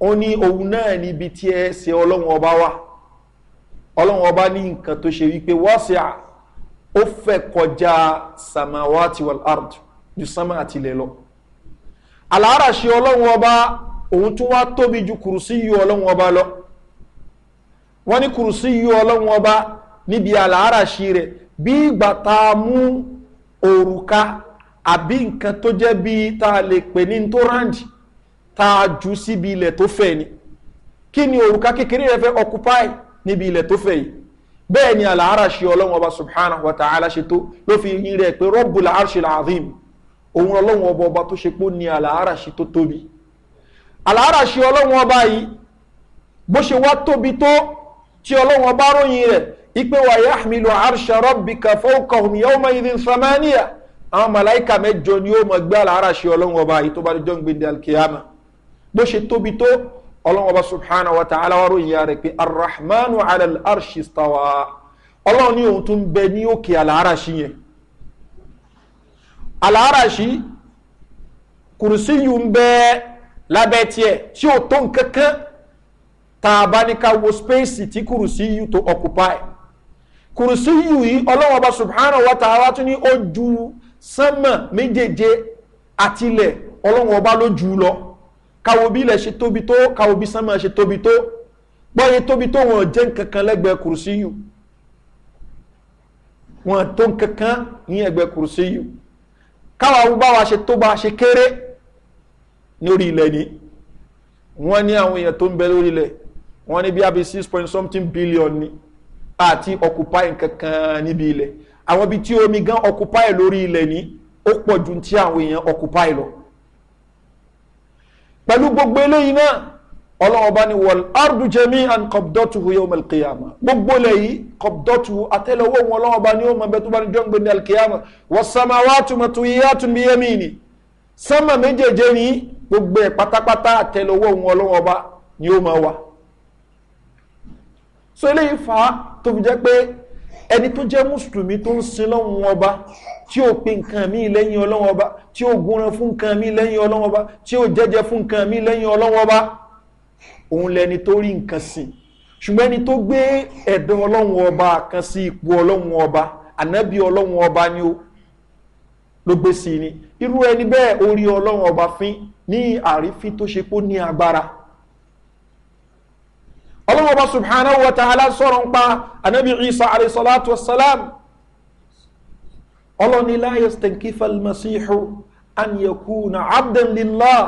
ó ní òun náà níbi tí ẹ ṣe ọlọ́run ọba wa ọlọ́run ọba ní nǹkan tó ṣe wípé wọ́n ṣe à ó fẹ́ kọjá samawa ti wà láti ju sama àti ilẹ̀ lọ àlàáràṣe ọlọ́run ọba òun tún wá tóbi ju kùrùsí yìí ọlọ́run ọba lọ wọ́n ní kùrùsí yìí ọlọ́run ọba níbi àlàáràṣí rẹ̀ bí ìgbà tá a mú òrùka àbí nǹkan tó jẹ́ bí tá a lè pè ní tó ráǹdì tá a jù síbi ilẹ̀ tó fẹ̀ ni kí ni òrùka kékeré rẹ̀ fẹ́ occupy níbi ilẹ̀ tó fẹ̀ yìí bẹ́ẹ̀ ni àlàáràṣí ọlọ́run ọba subhana wa ta'ala ṣe tó ló fi yin rẹ̀ pé rọ́bùlà arṣìlá azim òun ọlọ́run ọba ọba tó ṣe pé ó ní àlàáràṣí tó tóbi àlàáràṣe ọlọ́run ọba yìí bó ṣe wá tóbi tó tí ọlọ́run ọba ròyìn rẹ̀ ipe wa yahmilu arsha rabbika fawqahum yawma idhin samaniya àwọn màláìka mẹ́jọ ni ó mọ̀ gbé àlàáràṣe ọlọ́run ọba yìí tó bá jọ ń gbé alkiyama bó ṣe tóbi tó ọlọ́run ọba subhanahu wa ta'ala wa ròyìn rẹ̀ pé arrahmanu ala arshi stawa ọlọ́run ní òun tún bẹ ní òkè àlàáràṣe yẹn àlàáràṣe kùrùsí yìí ń bẹ́ẹ́ lábẹ́ tiẹ̀ tí ò tó nǹkan kan tá a bá ní ká wo spéèsì tí kùrùsí yìí tó occupy kùrùsí yìí ọlọ́wọ́n bá subhanahu wa ta'ala tún ní ó ju sánmà méjèèje àtilẹ̀ ọlọ́wọ́n ọba ló jù ú lọ káwo bí ilẹ̀ ṣe tóbi tó káwo bí sánmà ṣe tóbi tó gbọ́yé tóbi tó wọn jẹ́ nǹkan lẹ́gbẹ̀ẹ́ kùrùsí yìí wọn tó nǹkan ní ẹgbẹ́ kùrùsí yìí káwa bá wa ṣe tó bá ṣe kéré lórí ilẹ̀ ni wọ́n ní àwọn èèyàn tó ń bẹ lórí ilẹ̀ wọ́n ní bí abi six point something billion ni àti occupy kankan níbi ilẹ̀ àwọn ibi tí omi gan occupy lórí ilẹ̀ ni ó pọ̀ ju ti àwọn èèyàn occupy lọ pẹ̀lú gbogbo eléyìí náà ọlọ́wọ́n bá ní wọ́n ardu jẹ́mí and kọ́bdọ́tuhu yóò mọ̀ alkiyama gbogbo lẹ́yìn kọ́bdọ́tuhu àtẹ́lẹwọ́ wọn ọlọ́wọ́n bá ní yóò mọ̀ bẹ́ẹ̀ tó bá ní jọ́ ń gbé ní alkiyama wọ́n sàmáwá tùmọ̀tù yíyá tùmíyẹ́mì ni sánmà méjèèjì ni gbogbo ẹ̀ pátápátá àtẹlẹwọ́ òun ọlọ́wọ́ ọba ni ó máa wà so eléyìí fa tó fi jẹ́ pé ẹni tó jẹ́ mùsùlùmí tó ń sin lọ́wọ́n ọba tí ó pe nǹkan mí lẹ́yìn ọlọ́wọ́n ọba tí ó gúnran fún nǹkan mí lẹ́yìn ọlọ́wọ́n ọba tí ó jẹ́jẹ́ fún nǹkan mí lẹ́yìn ọlọ́wọ́n ọba òun lẹni tó rí nǹkan sìn ṣùgbọ́n ẹni tó gbé ẹ̀dọ̀ ọlọ́wọ́n ọba kan sí ipò ọlọ́wọ́n ọba ànábì ọlọ́wọ́n ọba ni ó ló gbé sí ni irú ẹni bẹ́ẹ̀ orí ọlọ́run ọba fín ní àrífín tó ṣe pó ní agbára ọlọ́run ọba subhanahu wa ta'ala sọ̀rọ̀ ń pa anabi isa alayhisalatu wasalam ọlọ́ni láyé stankifa almasihu an yakuna abdan lillah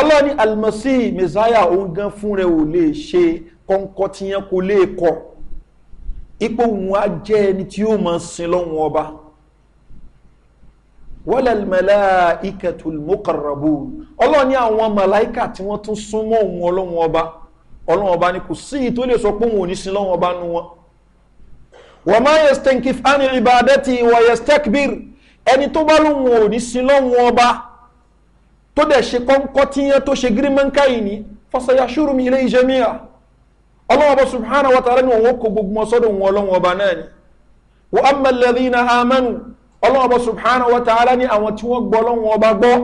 ọlọ́ni almasi mezaya òun gan fún rẹ̀ ò lè ṣe kọ́ńkọ́ tiyan kò lè kọ́ ipò òun á jẹ́ ẹni tí ó mọ̀ sin lọ́wọ́n ọba wọ́lẹ̀ mẹ́lẹ́ ìkẹtùl mọ́kàrọ̀bù ọlọ́run ní àwọn màláìkà tí wọ́n tún súnmọ́ òun ọlọ́run ọba ọlọ́run ọba ni kò sí i tó lè sọ pé òun ò ní sin lọ́run ọba nu wọn. wọ́n máa yẹ stenkif ani ibadẹ́tì wọ́n yẹ stekbir ẹni tó bá lóun ò ní sin lọ́run ọba tó dẹ̀ ṣe kọ́ńkọ́ tí yẹn tó ṣe gírímọ́ńkà yìí ni fọ́sọ̀yà ṣúrù mi ilé iṣẹ́ míà ọlọ́run ọba subhanahu ọlọ́run ọba subhanahu wa ta'ala ní àwọn tí wọ́n gbọ́ ọlọ́run ọba gbọ́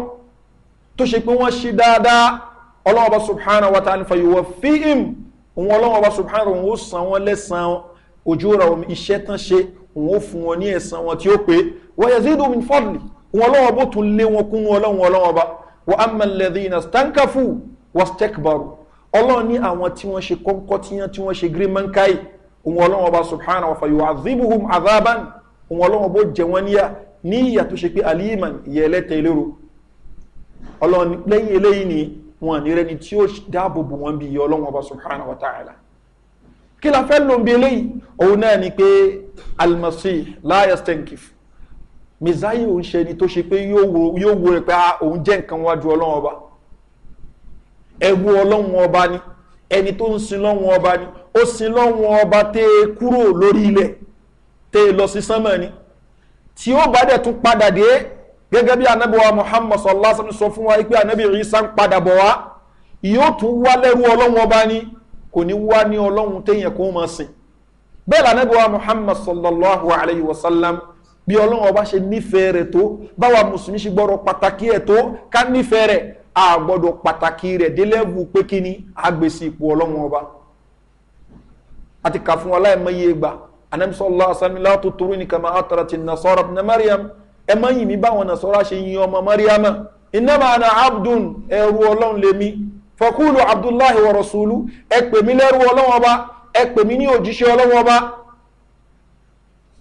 tó ṣe pé wọ́n ṣe dáadáa ọlọ́run ọba subhanahu wa ta'ala fàyọ̀wọ̀ fíìm òun ọlọ́run ọba subhanahu wa san wọn lẹ́sàn-án ojú ra omi iṣẹ́ tán ṣe òun ó fún wọn ní ẹ̀sán wọn tí ó pé wọ́n yẹ zidu min fọ́ọ̀lì òun ọlọ́run ọba tún lé wọn kúnnú ọlọ́run ọlọ́run ọba wọ́n á mẹ́lẹ́dín iná stankafu wọ́n stekbaru ọlọ́run ní àwọn tí wọ́n ṣe kọ́ńkọ́ tí wọ́n ṣe gírí mọ́ńkáì òun ọlọ́run ọba subhanahu wa fàyọ̀wọ̀ azibuhum azaban òun ọlọ́run bó jẹ wọ́n níyà ní ìyà tó ṣe pé aliman ìyẹ ẹlẹ́tẹ̀ elérò ọlọ́run lẹ́yìn eléyìí ni wọn ní rẹni tí ó dáàbò bò wọ́n bí iye ọlọ́run ọba subhana wa ta'ala kí la fẹ́ lò ń bí eléyìí òun náà ni pé almasi láyà stenkif mizai òun ṣe ni tó ṣe pé yóò wo rẹ pé ah, òun jẹ́ nǹkan wájú ọlọ́run ọba ẹ̀wù ọlọ́run ọba ni ẹni tó ń sin lọ́wọ́ ọba ni ó sin lọ́wọ́ ọba tẹ́ kúrò lórí ilẹ̀ tẹ́ ẹ lọ sí sánmà ni tí ó bá dẹ̀ tún padà dé gẹ́gẹ́ bí anábíwá muhammad sallallahu alaihi wasallam sọ fún wa pé anábí isa ń padà bọ̀ wá yóò tún wá lẹ́rú ọlọ́run ọba ni kò ní wá ní ọlọ́run téèyàn kó máa sìn bẹ́ẹ̀ lànàbíwá muhammad sallallahu alaihi wasallam bí ọlọ́run ọba ṣe nífẹ̀ẹ́ rẹ̀ tó báwa mùsùlùmí ṣe gbọ́dọ̀ pàtàkì ẹ̀ tó ká nífẹ̀ẹ́ rẹ̀ a pàtàkì rẹ̀ délẹ́bù pé kíni àgbèsì ipò ọlọ́run ọba àti kà fún ọláìmọye gbà anamisa allah asamila tuturu ni kama atarati nasara na mariam ẹ má yin mi báwọn nasara ṣe yin ọmọ mariama inama ana abdun ẹrú ọlọ́run lèmi fakulu abdullahi wa rasulu ẹ pè mí lẹ́rú ọlọ́run ọba ẹ pè mí ní òjíṣẹ́ ọlọ́run ọba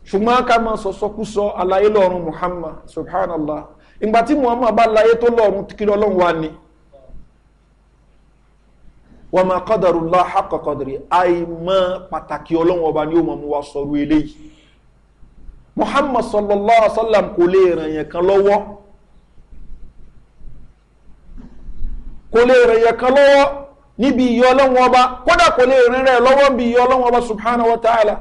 ṣùgbọ́n ká máa sọ sọkúsọ alayé lọ́run muhammad subhanallah ìgbà muhammad bá láyé tó lọ́run kí lọ́run wa ni wọ́n máa kọ́dọ̀rù lọ àkọ́kọ́dọ̀rì àìmọ́ pàtàkì ọlọ́wọ́n ọba ni ó mọ̀ mú wa sọ̀rọ̀ eléyìí muhammad sallallahu alaihi wa sallam kò lè ràn yẹn kan lọ́wọ́ kò lè ràn yẹn kan lọ́wọ́ níbi ìyọ́ ọlọ́wọ́n ọba kódà kò lè rìn rẹ̀ lọ́wọ́ bí ìyọ́ ọlọ́wọ́n ọba subhanahu wa ta'ala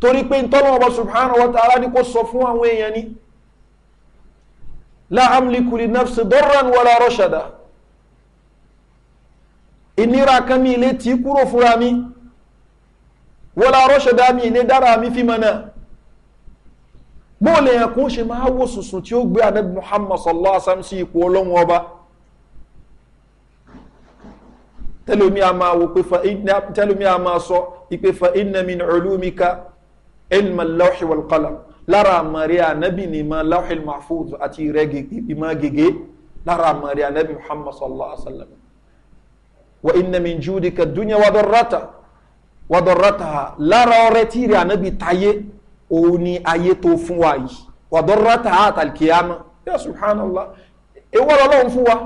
torí pé ntọ́lọ́wọ́ ọba subhanahu wa ta'ala ni kò sọ fún àwọn èèyàn ni la amlikuli nafsi dọ́ran wàlá rọ́ṣàdá ìnira kan mi ilé tí kúrò fúnra mi wọ́n la rọ́ṣọ̀dá mi ilé dára mi fi mọ̀nà bóòlù yẹn kún ṣe máa wò sùsùn tí ó gbé anabi muhammad sallallahu alaihi wa sallam sí ipò ọlọ́run ọba tẹlomi a máa wò pé fa iná tẹlomi a máa sọ ìpè fa iná mi ní olúmika ilma lawhi wal qalam lára àmàrí anabi ni ma lawhi mahfuz àti rẹ ìmọ̀ gègé lára àmàrí anabi muhammad sallallahu alaihi wa inna min judika dunya wadorata wadorata lára ọrẹ tí ìrìn ànábì táyé òun ni ayé tó fún wa yìí wadorata àtàlkìyàmá yà subhanallah èwọ́ lọ́lọ́run fún wa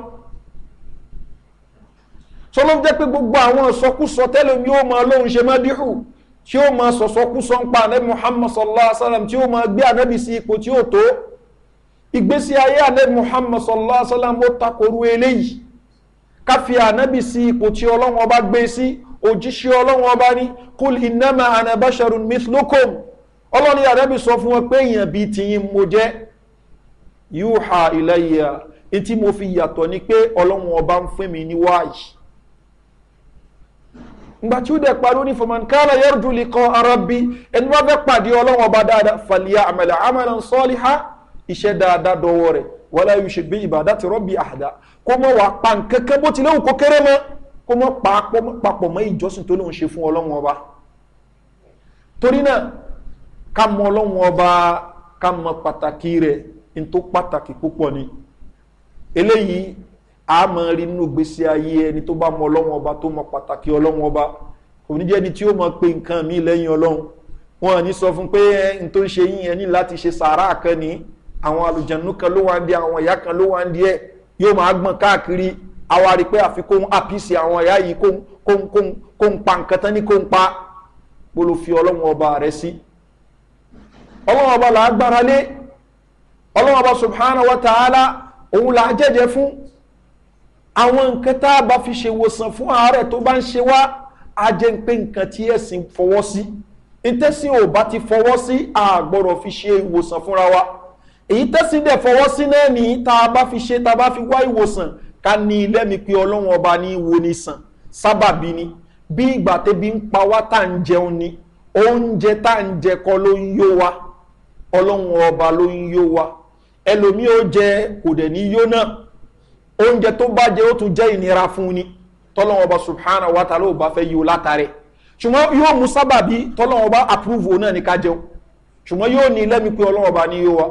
sọ ló jẹ́ pé gbogbo àwọn sọkúsọ tẹ́lẹ̀ mi ó máa lóhun ṣe má díhù tí ó máa sọ̀sọ́kúsọ ń pa ànábì muhammad sallallahu alaihi wa sallam tí ó máa gbé ànábì sí ipò tí ó tó ìgbésí ayé muhammad sallallahu alaihi wa sallam takoru eléyìí káfí ànábì sí ipò tí ọlọ́run ọba gbé sí òjíṣẹ́ ọlọ́run ọba ní kúl ináma anabasharun mithlokom ọlọ́run ní ànábì sọ fún wọn pé èèyàn bíi tìyín mo jẹ́ yóò ha ìlẹ́yà etí mo fi yàtọ̀ ni pé ọlọ́run ọba ń fún mi ní wáyì ngba tí ó dẹ̀ parí ó ní fọmọ nkálà yóò dùn kan ara bí ẹni wọ́n fẹ́ pàdé ọlọ́run ọba dáadáa fàlíyà àmàlà àmàlà ń sọ́ọ́lì ha iṣẹ́ dáadáa dọ́wọ́ rẹ̀ wọ́lá yóò ṣe gbé ìbàdà ti rọ́bì àdá kó mọ̀ wá pa nǹkan kan bó tilẹ̀ kó kéré mọ́ kó mọ̀ papọ̀ mọ́ ìjọsìn tó lóun ṣe fún ọlọ́run ọba torí náà ká mọ ọlọ́run ọba ká mọ pàtàkì rẹ̀ n tó pàtàkì púpọ̀ ni eléyìí a máa rí nínú gbèsè ayé ẹni tó bá mọ ọlọ́run ọba tó mọ pàtàkì ọlọ́run ọba kò ní jẹ́ ẹni tí ó mọ pé nǹkan mi lẹ́yìn ọlọ́run wọn ò ní sọ fún pé n tó ń ṣe yín ẹni láti ṣe sàárà kan nìyí àwọn àlùjànnú kan ló wá ń di àwọn ìyá kan ló wá ń di ẹ yóò máa gbọ̀n káàkiri àwa rí i pé àfi kóhun àpìsì àwọn ìyá yìí kóhun pa nǹkan tán ní kóhun pa gbolo fi ọlọ́run ọba rẹ sí ọlọ́run ọba là lé ọlọ́run ọba subhana wa ta'ala òun là á jẹ́jẹ́ fún àwọn nǹkan tá a bá fi ṣe wòsàn fún àárẹ̀ tó bá ń ṣe wá a jẹ́ ń pé nǹkan tí ẹ̀sìn fọwọ́ sí ìtẹ́sìn ò bá ti fọwọ́ sí àgbọ̀rọ̀ fi ṣe ìwòsàn fúnra wa. èyí tẹ́sí dẹ̀ fọwọ́ sí náà tá a bá fi ṣe tá a bá fi wá ìwòsàn ká ní mi pé ọlọ́run ọba ní wo ni sàn ni bí ìgbà tẹ́bi ń pa wá tá à ń jẹun ni oúnjẹ tá à ń jẹ wa ọlọ́run ọba ló ń yó wa ẹlòmíì ó jẹ kò dẹ̀ ní yó náà oúnjẹ tó bá jẹ ó tún jẹ́ ni tọ́lọ́run ọba subhana wa ta'ala ò bá fẹ́ yó ṣùgbọ́n yóò mú ọba approve òun náà ní ká jẹun ṣùgbọ́n yóò ní lẹ́mi ọba ní yó wa.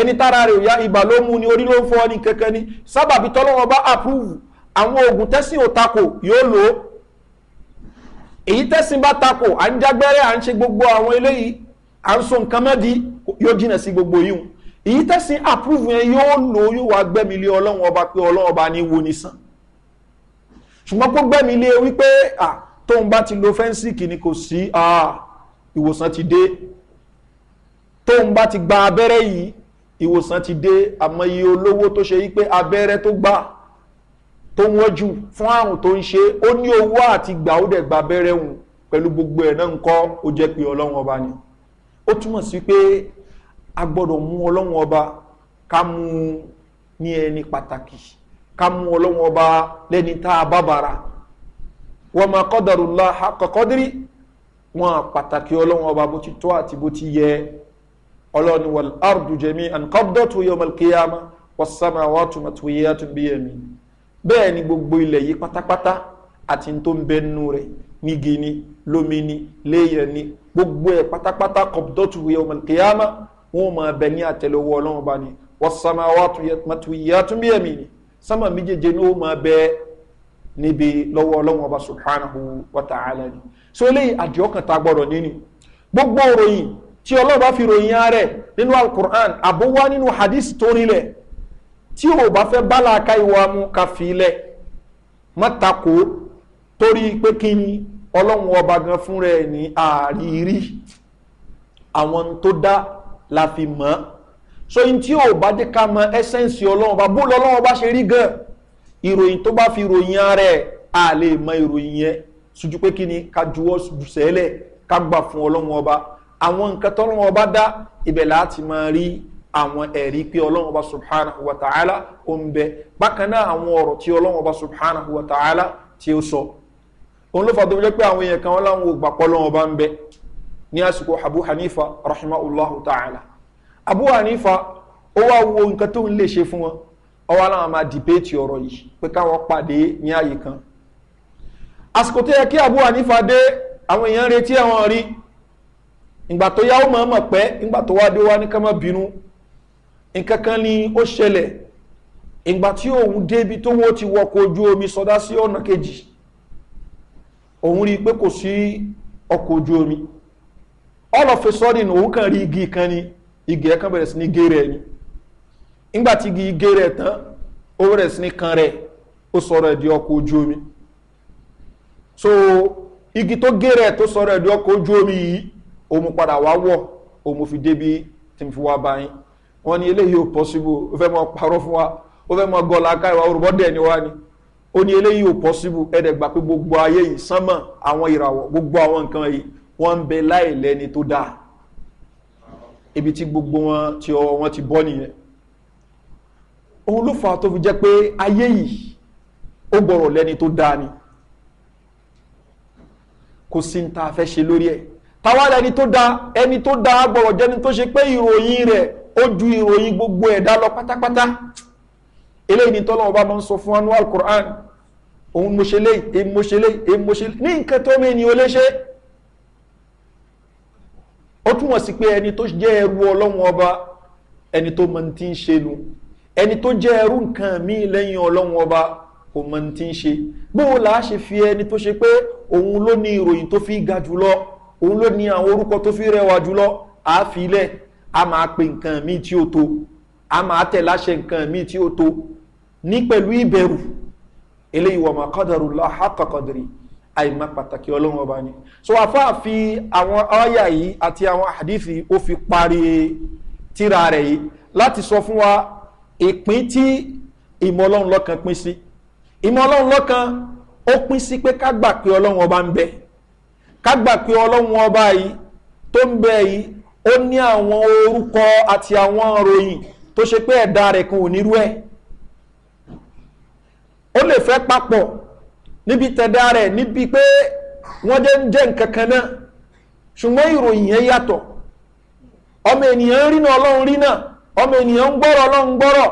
ẹni tára rẹ̀ ò ya ibà ló mú ni orí ló ń fọ́ ni kẹ́kẹ́ ni sábàbí tọ́lọ́wọ́n bá approve àwọn oògùn tẹ́sìn ò takò yóò lò ó èyí tẹ́sìn bá takò à ń jágbẹ́rẹ́ à ń ṣe gbogbo àwọn eléyìí à ń so nǹkan mẹ́di yóò jìnà sí gbogbo yìí èyí tẹ́sìn approve yẹn yóò lò ó yóò wá gbẹ́mi lé ọlọ́run ọba pé ọlọ́run ọba ní wo ni sàn ṣùgbọ́n kó gbẹ́mi lé e wípé à tóun bá ti lo fẹ́ǹsì kìíní kò sí ìwòsàn ti dé tóun bá ti gba abẹ́rẹ́ yìí ìwòsàn ti dé àmọye olówó tó ṣe yí pé abẹ́rẹ́ tó gbà tó wọ́n jù fún àrùn tó ń ṣe ó ní owó àti gbà ó dẹ̀ gba abẹ́rẹ́ hùn pẹ̀lú gbogbo ẹ̀ náà ń kọ́ ó jẹ́ pé ọlọ́run ọba ni ó túmọ̀ sí pé a gbọ́dọ̀ mú ọlọ́run ọba ká mú ní ẹni pàtàkì ká mú ọlọ́run ọba lẹ́ni tá a bá bàrà wọ́n máa kọ́ dàrú la kọ́kọ́ dírí wọn pàtàkì ọlọ́run ọba bó ti tó àti bó ti yẹ ọlọ́ni wà lárùdù jẹ̀mí ànkọ́dọ̀ tó yẹ ọmọ kíyàmá wọ́n sábà wà túmọ̀ tó yẹ tó bí ẹ̀mí bẹ́ẹ̀ ni gbogbo ilẹ̀ yìí pátápátá àti tó ń bẹ nù rẹ̀ nígi ni lómi ni léyẹ ni gbogbo ẹ̀ pátápátá kọ́dọ̀ tó yẹ ọmọ kíyàmá wọn máa ní àtẹlẹwọ ọlọ́run bá ni wọ́n sábà wà yẹ tó bí ẹ̀mí ni sábà méjèèjì ni ó máa bẹ níbi lọ́wọ́ ọlọ́run ọba tí ọlọ́run bá fi ròyìn ààrẹ nínú alukur'an àbó wá nínú hadith tó rinlẹ̀ tí o bá fẹ́ bá làákà ìwà mu ká fi ilẹ̀ má takò torí pé kí ni ọlọ́run ọba gan fún rẹ̀ ní àrírí àwọn tó dá la fi mọ́ so in tí o bá dé ká mọ ẹsẹ̀nsì ọlọ́run bá bó lọ́lọ́run bá ṣe rí gan ìròyìn tó bá fi ròyìn ààrẹ a lè mọ ìròyìn yẹn sojú pé kí ni ká juwọ́ jùsẹ́lẹ̀ ká gbà fún ọlọ́run ọba àwọn nǹkan tọ́lọ́wọ́n bá dá ibẹ̀ láti máa rí àwọn ẹ̀rí pé ọlọ́wọ́n bá subhanahu wa ta'ala ó ń bẹ bákan náà àwọn ọ̀rọ̀ tí ọlọ́wọ́n bá subhanahu wa ta'ala tí ó sọ òun ló fà tó jẹ́ pé àwọn èèyàn kan láwọn ògbà pọ́lọ́wọ́n bá ń bẹ ní àsìkò abu hanifa rahimahullahu ta'ala abu hanifa ó wá wo nǹkan tó ń lè ṣe fún wọn ọwọ́ aláwọn máa dìbéètì ọ̀rọ̀ yìí pé káwọn pàdé ní àyè kan àsìkò tó yẹ kí abu hanifa dé àwọn èèyàn retí àwọn rí ìgbà tó yá ó mọ̀ mọ̀ pẹ́ ìgbà tó wá dé wá ní ká má bínú nǹkan kan ni ó ṣẹlẹ̀ ìgbà tí òun débi tó wọ́n ti wọkọ̀ ojú omi sọdá sí ọ̀nà kejì òun rí i pé kò sí ọkọ̀ ojú omi all of a sudden òun kàn rí igi kan ni igi ẹ̀ kan bẹ̀rẹ̀ sí ní gé rẹ̀ ni ìgbà tí igi gé rẹ̀ tán ó bẹ̀rẹ̀ sí ní kan rẹ̀ ó sọ̀rọ̀ ẹ̀dí ọkọ̀ ojú omi so igi tó gé rẹ̀ tó sọ̀rọ̀ ẹ̀dí ọkọ̀ ojú omi yìí o mo padà wá wọ̀ o mo fi débi tí mo fi wá bá yín wọ́n ní eléyìí ò pọ́síbù ó fẹ́ mọ parọ́ fún wa ó fẹ́ mọ gọ́ọ̀lá ká ìwà orúbọ́ dẹ̀ ni wá ni ó ní eléyìí ò pọ́síbù ẹ̀ẹ́dẹ̀gbà pé gbogbo ayé yìí sánmọ̀ àwọn ìràwọ̀ gbogbo àwọn nǹkan yìí wọ́n ń bẹ láì lẹ́ni tó dáa ibi tí gbogbo wọn tí ọwọ́ wọn ti bọ́ nìyẹn òun ló fà tó fi jẹ́ pé ayé yìí ó gbọ́rọ̀ lẹ́ni tó dáa ni kò sí ní ta fẹ́ ṣe lórí ẹ̀ táwa lẹni tó da ẹni tó da gbọ̀rọ̀ jẹni tó ṣe pé ìròyìn rẹ̀ ó ju ìròyìn gbogbo ẹ̀dá lọ pátápátá eléyìí ni tọ́lọ́wọ́ bá máa ń sọ fún wa ní òun mo ṣe léyìí ní nǹkan tó mi ni o lè ṣe ó túmọ̀ sí pé ẹni tó jẹ́ ẹrú ọlọ́run ọba ẹni tó mọ ti ń ṣe nu ẹni tó jẹ́ ẹrú nǹkan míì lẹ́yìn ọlọ́run ọba kò mọ ti ń ṣe bóun là ṣe fi ẹni tó ṣe pé òun ló ní ìròyìn tó fi ga jù òun ló ní àwọn orúkọ tó fi rẹwà jùlọ a fi ilẹ̀ a máa pe nǹkan míì tí ó to a máa tẹ̀ láṣẹ nǹkan míì tí ó to ní pẹ̀lú ìbẹ̀rù eléyìí wọ́n máa kọ́dọ̀rù lọ àkọ́kọ́dọ̀rì àìmọ́ pàtàkì ọlọ́run ọba ni. so àfa fi àwọn ọ́yà yìí àti àwọn àdìsí ó fi parí tíra rẹ̀ yìí láti sọ fún wa ìpín tí ìmọ̀ ọlọ́run lọ́kan pín sí ìmọ̀ ọlọ́run lọ́kan ó pín sí pé ká gbà pé ọlọ́run ọba ń bẹ́ẹ̀ kágbà pé ọlọ́run ọba yìí tó ń bẹ yìí ó ní àwọn orúkọ àti àwọn ròyìn tó ṣe pé ẹ̀dá rẹ̀ kan ò nírú ẹ̀ ó lè fẹ́ papọ̀ níbi tẹ̀dá rẹ̀ níbi pé wọ́n jẹ́ ń jẹ́ nǹkan kan náà ṣùgbọ́n ìròyìn yẹn yàtọ̀ ọmọ ènìyàn rínà ọlọ́run rínà ọmọ ènìyàn gbọ́rọ̀ ọlọ́run gbọ́rọ̀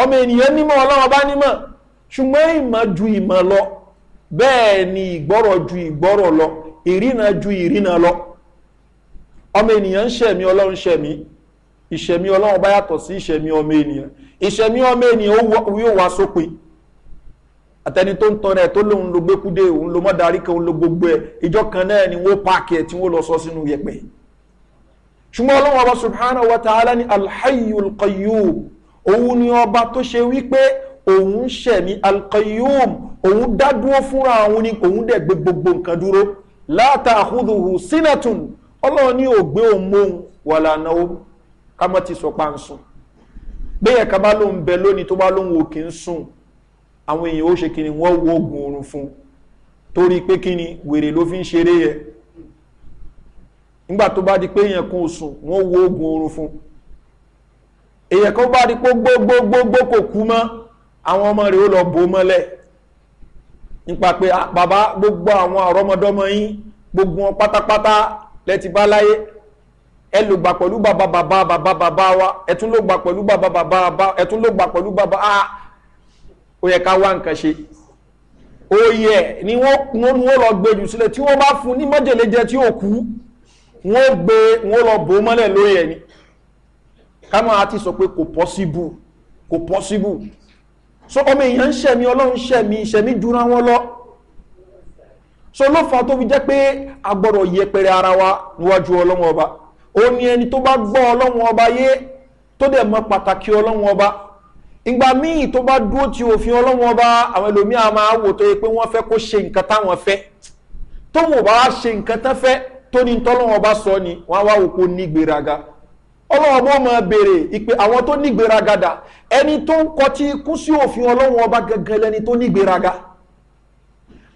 ọmọ ènìyàn nímọ̀ ọlọ́run bá nímọ̀ ṣùgbọ́n ìmọ̀ ju ìmọ̀ lọ bẹ́ẹ̀ ni ìgbọ́rọ̀ ju ìgbọ́rọ̀ lọ ìrìnà ju ìrìnà lọ ọmọ ènìyàn ń ṣẹ̀mí ọlọ́run ṣẹ̀mí ìṣẹ̀mí ọlọ́run bá yàtọ̀ sí ìṣẹ̀mí ọmọ ènìyàn ìṣẹ̀mí ọmọ ènìyàn yóò wá sópin àtẹni tó ń tọrọ ẹ tó lóun lo gbẹkúdé òun lo mọdarí kan òun lo gbogbo ẹ ìjọ kan náà ni wọn paaki ẹ tí wọn lọ sọ sínú yẹpẹ ṣùgbọ́n ọlọ́run ọba subhana wa ta'ala ni alhayu alqayyum òun ni ọba tó ṣe wípé òun ṣẹ̀mí alqayyum òun dá dúró fúnra òun ni òun dẹ̀ gbé gbogbo nǹkan dúró láta àhúdùhù sínàtùn ọlọ́run ní ògbé òmóhun wà lànà ó kámọ́ ti sọ pa ń sùn bẹ́ẹ̀ ká bá ló bẹ lónìí tó bá lóun òkè ń sùn àwọn èèyàn ó ṣe kí ni wọ́n wo oògùn oorun fún torí pé kí ni wèrè ló fi ń ṣeré yẹ nígbà tó bá di pé èèyàn kan ò sùn wọ́n wo oògùn oorun fún èèyàn kan bá di pé gbogbogbogbo kò kú mọ́ àwọn ọmọ rẹ̀ ó lọ bò mọ́lẹ̀ nípa pé ah, bàbá gbogbo àwọn àrọ́mọdọ́mọ yín gbogbo wọn pátápátá lẹ́ti bá láyé ẹ ló gbà pẹ̀lú bàbá bàbá bàbá bàbá wa ẹ tún ló gbà pẹ̀lú bàbá bàbá bàbá ẹ ló gbà pẹ̀lú bàbá a ah, ó yẹ ká wá nǹkan ṣe oyè ni wọ́n lọ gbé jù sílẹ̀ tí wọ́n bá fún ní mọ́jèléjẹ tí ó kú wọ́n gbé wọ́n lọ bò mọ́lẹ̀ lóyè ni kámọ́ àti sọ pé kò pọ́síbù kò pọ́síbù so ọmọ èèyàn ń ṣẹ̀mí ọlọ́run ṣẹ̀mí ìṣẹ̀mí dúra wọn lọ so ló fa tó fi jẹ́ pé a gbọ́dọ̀ yẹpẹrẹ ara wa níwájú ọlọ́run ọba ó ní ẹni tó bá gbọ́ ọlọ́run ọba yé tó dẹ̀ mọ pàtàkì ọlọ́run ọba ìgbà míì tó bá dúró ti òfin ọlọ́run ọba àwọn ẹlòmíì a máa wò tó yẹ pé wọ́n fẹ́ kó ṣe nǹkan táwọn fẹ́ tóun ò bá ṣe nǹkan tán fẹ́ tó ní tọ́lọ́run ọba sọ ni wọ́n á wá òkú ní gbéraga ọlọ́run ọba ọmọ béèrè ìpè àwọn tó nígbèragada ẹni tó ń kọtí kú sí òfin ọlọ́run ọba gangan lẹni tó nígbèraga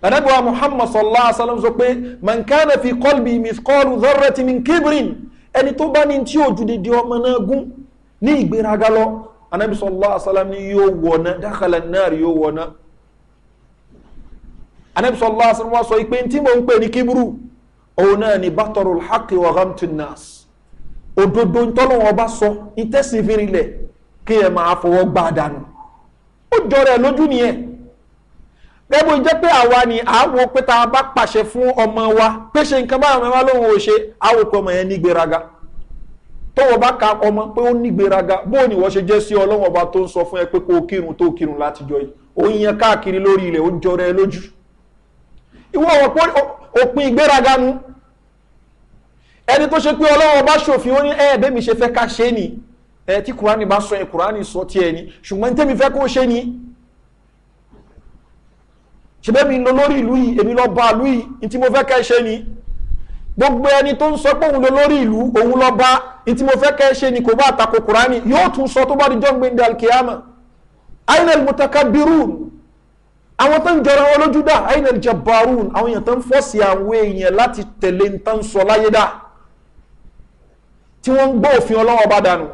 lànàbíwá muhammad sallallahu alaihi wa sallam sọ pé mankana fi kọlbi miskọlu zọrẹti min kibrin ẹni tó bá ní tí òjú dídí ọmọ náà gún ní ìgbéraga lọ anabi sallallahu alaihi wa sallam ni yóò wọ̀nà dákàlà náà yóò wọ̀nà anabi sallallahu alaihi wa sallam wá sọ pé tí mo ń pè ní kíbrú òun náà ni bàtọrù alhaqi wa ghamtu nas òdodo ntọ́lọ́wọ́ ọba sọ ní fi kí ẹ máa fọwọ́ gbá dànù ó jọrọ ẹ lójú nìyẹn gẹ́gbó jẹ́ pé àwa ni àwọn pé tá fún ọmọ wa pé ṣe nǹkan báyọ̀ mẹ́wàá lóhun ò ṣe ọmọ yẹn ka ọmọ pé ó bó ni ọba tó ń fún ẹ pé kó o kírun tó kírun látijọ́ yìí ó ń káàkiri ẹni tó ṣe pé ọlọ́wọ́ bá ṣòfin ó ní ẹ bẹ́ẹ̀ mi ṣe fẹ́ ká ṣe ni ẹ tí kùránì bá sọ ẹ kùránì sọ tiẹ̀ ni ṣùgbọ́n tẹ́mi fẹ́ kó ṣe ni ṣebẹ́ mi lọ lórí ìlú yìí èmi lọ bá ìlú yìí tí mo fẹ́ kẹ́ ṣe ni gbogbo ẹni tó ń sọ pé òun lọ lórí ìlú òun lọ bá tí mo fẹ́ kẹ́ ṣe ni kò bá àtakò kùránì yóò tún sọ tó bá di jọ́ngbìn dal kiyama ainel mutaka birun àwọn tó ń jọra wọn lójú dá ainel jabarun àwọn èèyàn tó ń fọ́ sí àwọn èèyàn láti tẹ̀lé ń tán sọ láyé dáa tí wọ́n ń gbọ́ òfin ọlọ́wọ́ bá dànù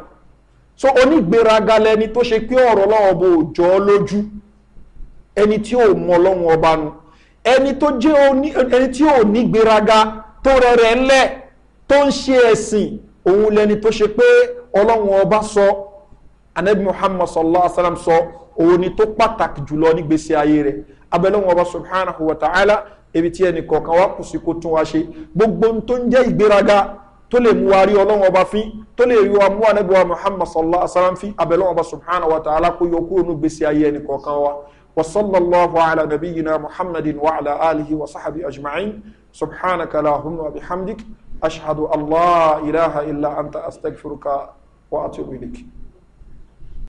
so onígbéraga lẹni tó ṣe pé ọ̀rọ̀ ọlọ́wọ́ bò jọ lójú ẹni tí ò mọ ọlọ́wọ́ ọba nu ẹni tó jẹ́ ẹni tí ò ní gbéraga tó rẹrẹ ńlẹ̀ tó ń ṣe ẹ̀sìn òun lẹni tó ṣe pé ọlọ́wọ́ ọba sọ anabi muhammad sallallahu alaihi wa sallam sọ òun ni tó pàtàkì jùlọ nígbèsè ayé rẹ̀ abẹ́lẹ́wọ̀n ọba subhanahu wa ta'ala ebi tí ẹnì kọ̀ọ̀kan wá kùsì kó tún wá ṣe gbogbo tó ń jẹ́ ìgbéraga tó lè mú wa rí ọlọ́run ọba fín tó lè rí wa mú wa nẹ́bí wa muhammad sallallahu alaihi wa sallam fín abẹ́lẹ́ ọba subhanahu wa ta'ala kó yọ kúrò ní gbèsè ayé ẹnì kọ̀ọ̀kan wa wa sallallahu ala nabiyyina muhammadin wa ala alihi wa sahabi ajma'in subhanaka lahumma wa bihamdik ashhadu allah ilaha illa anta astaghfiruka wa atubu ilayk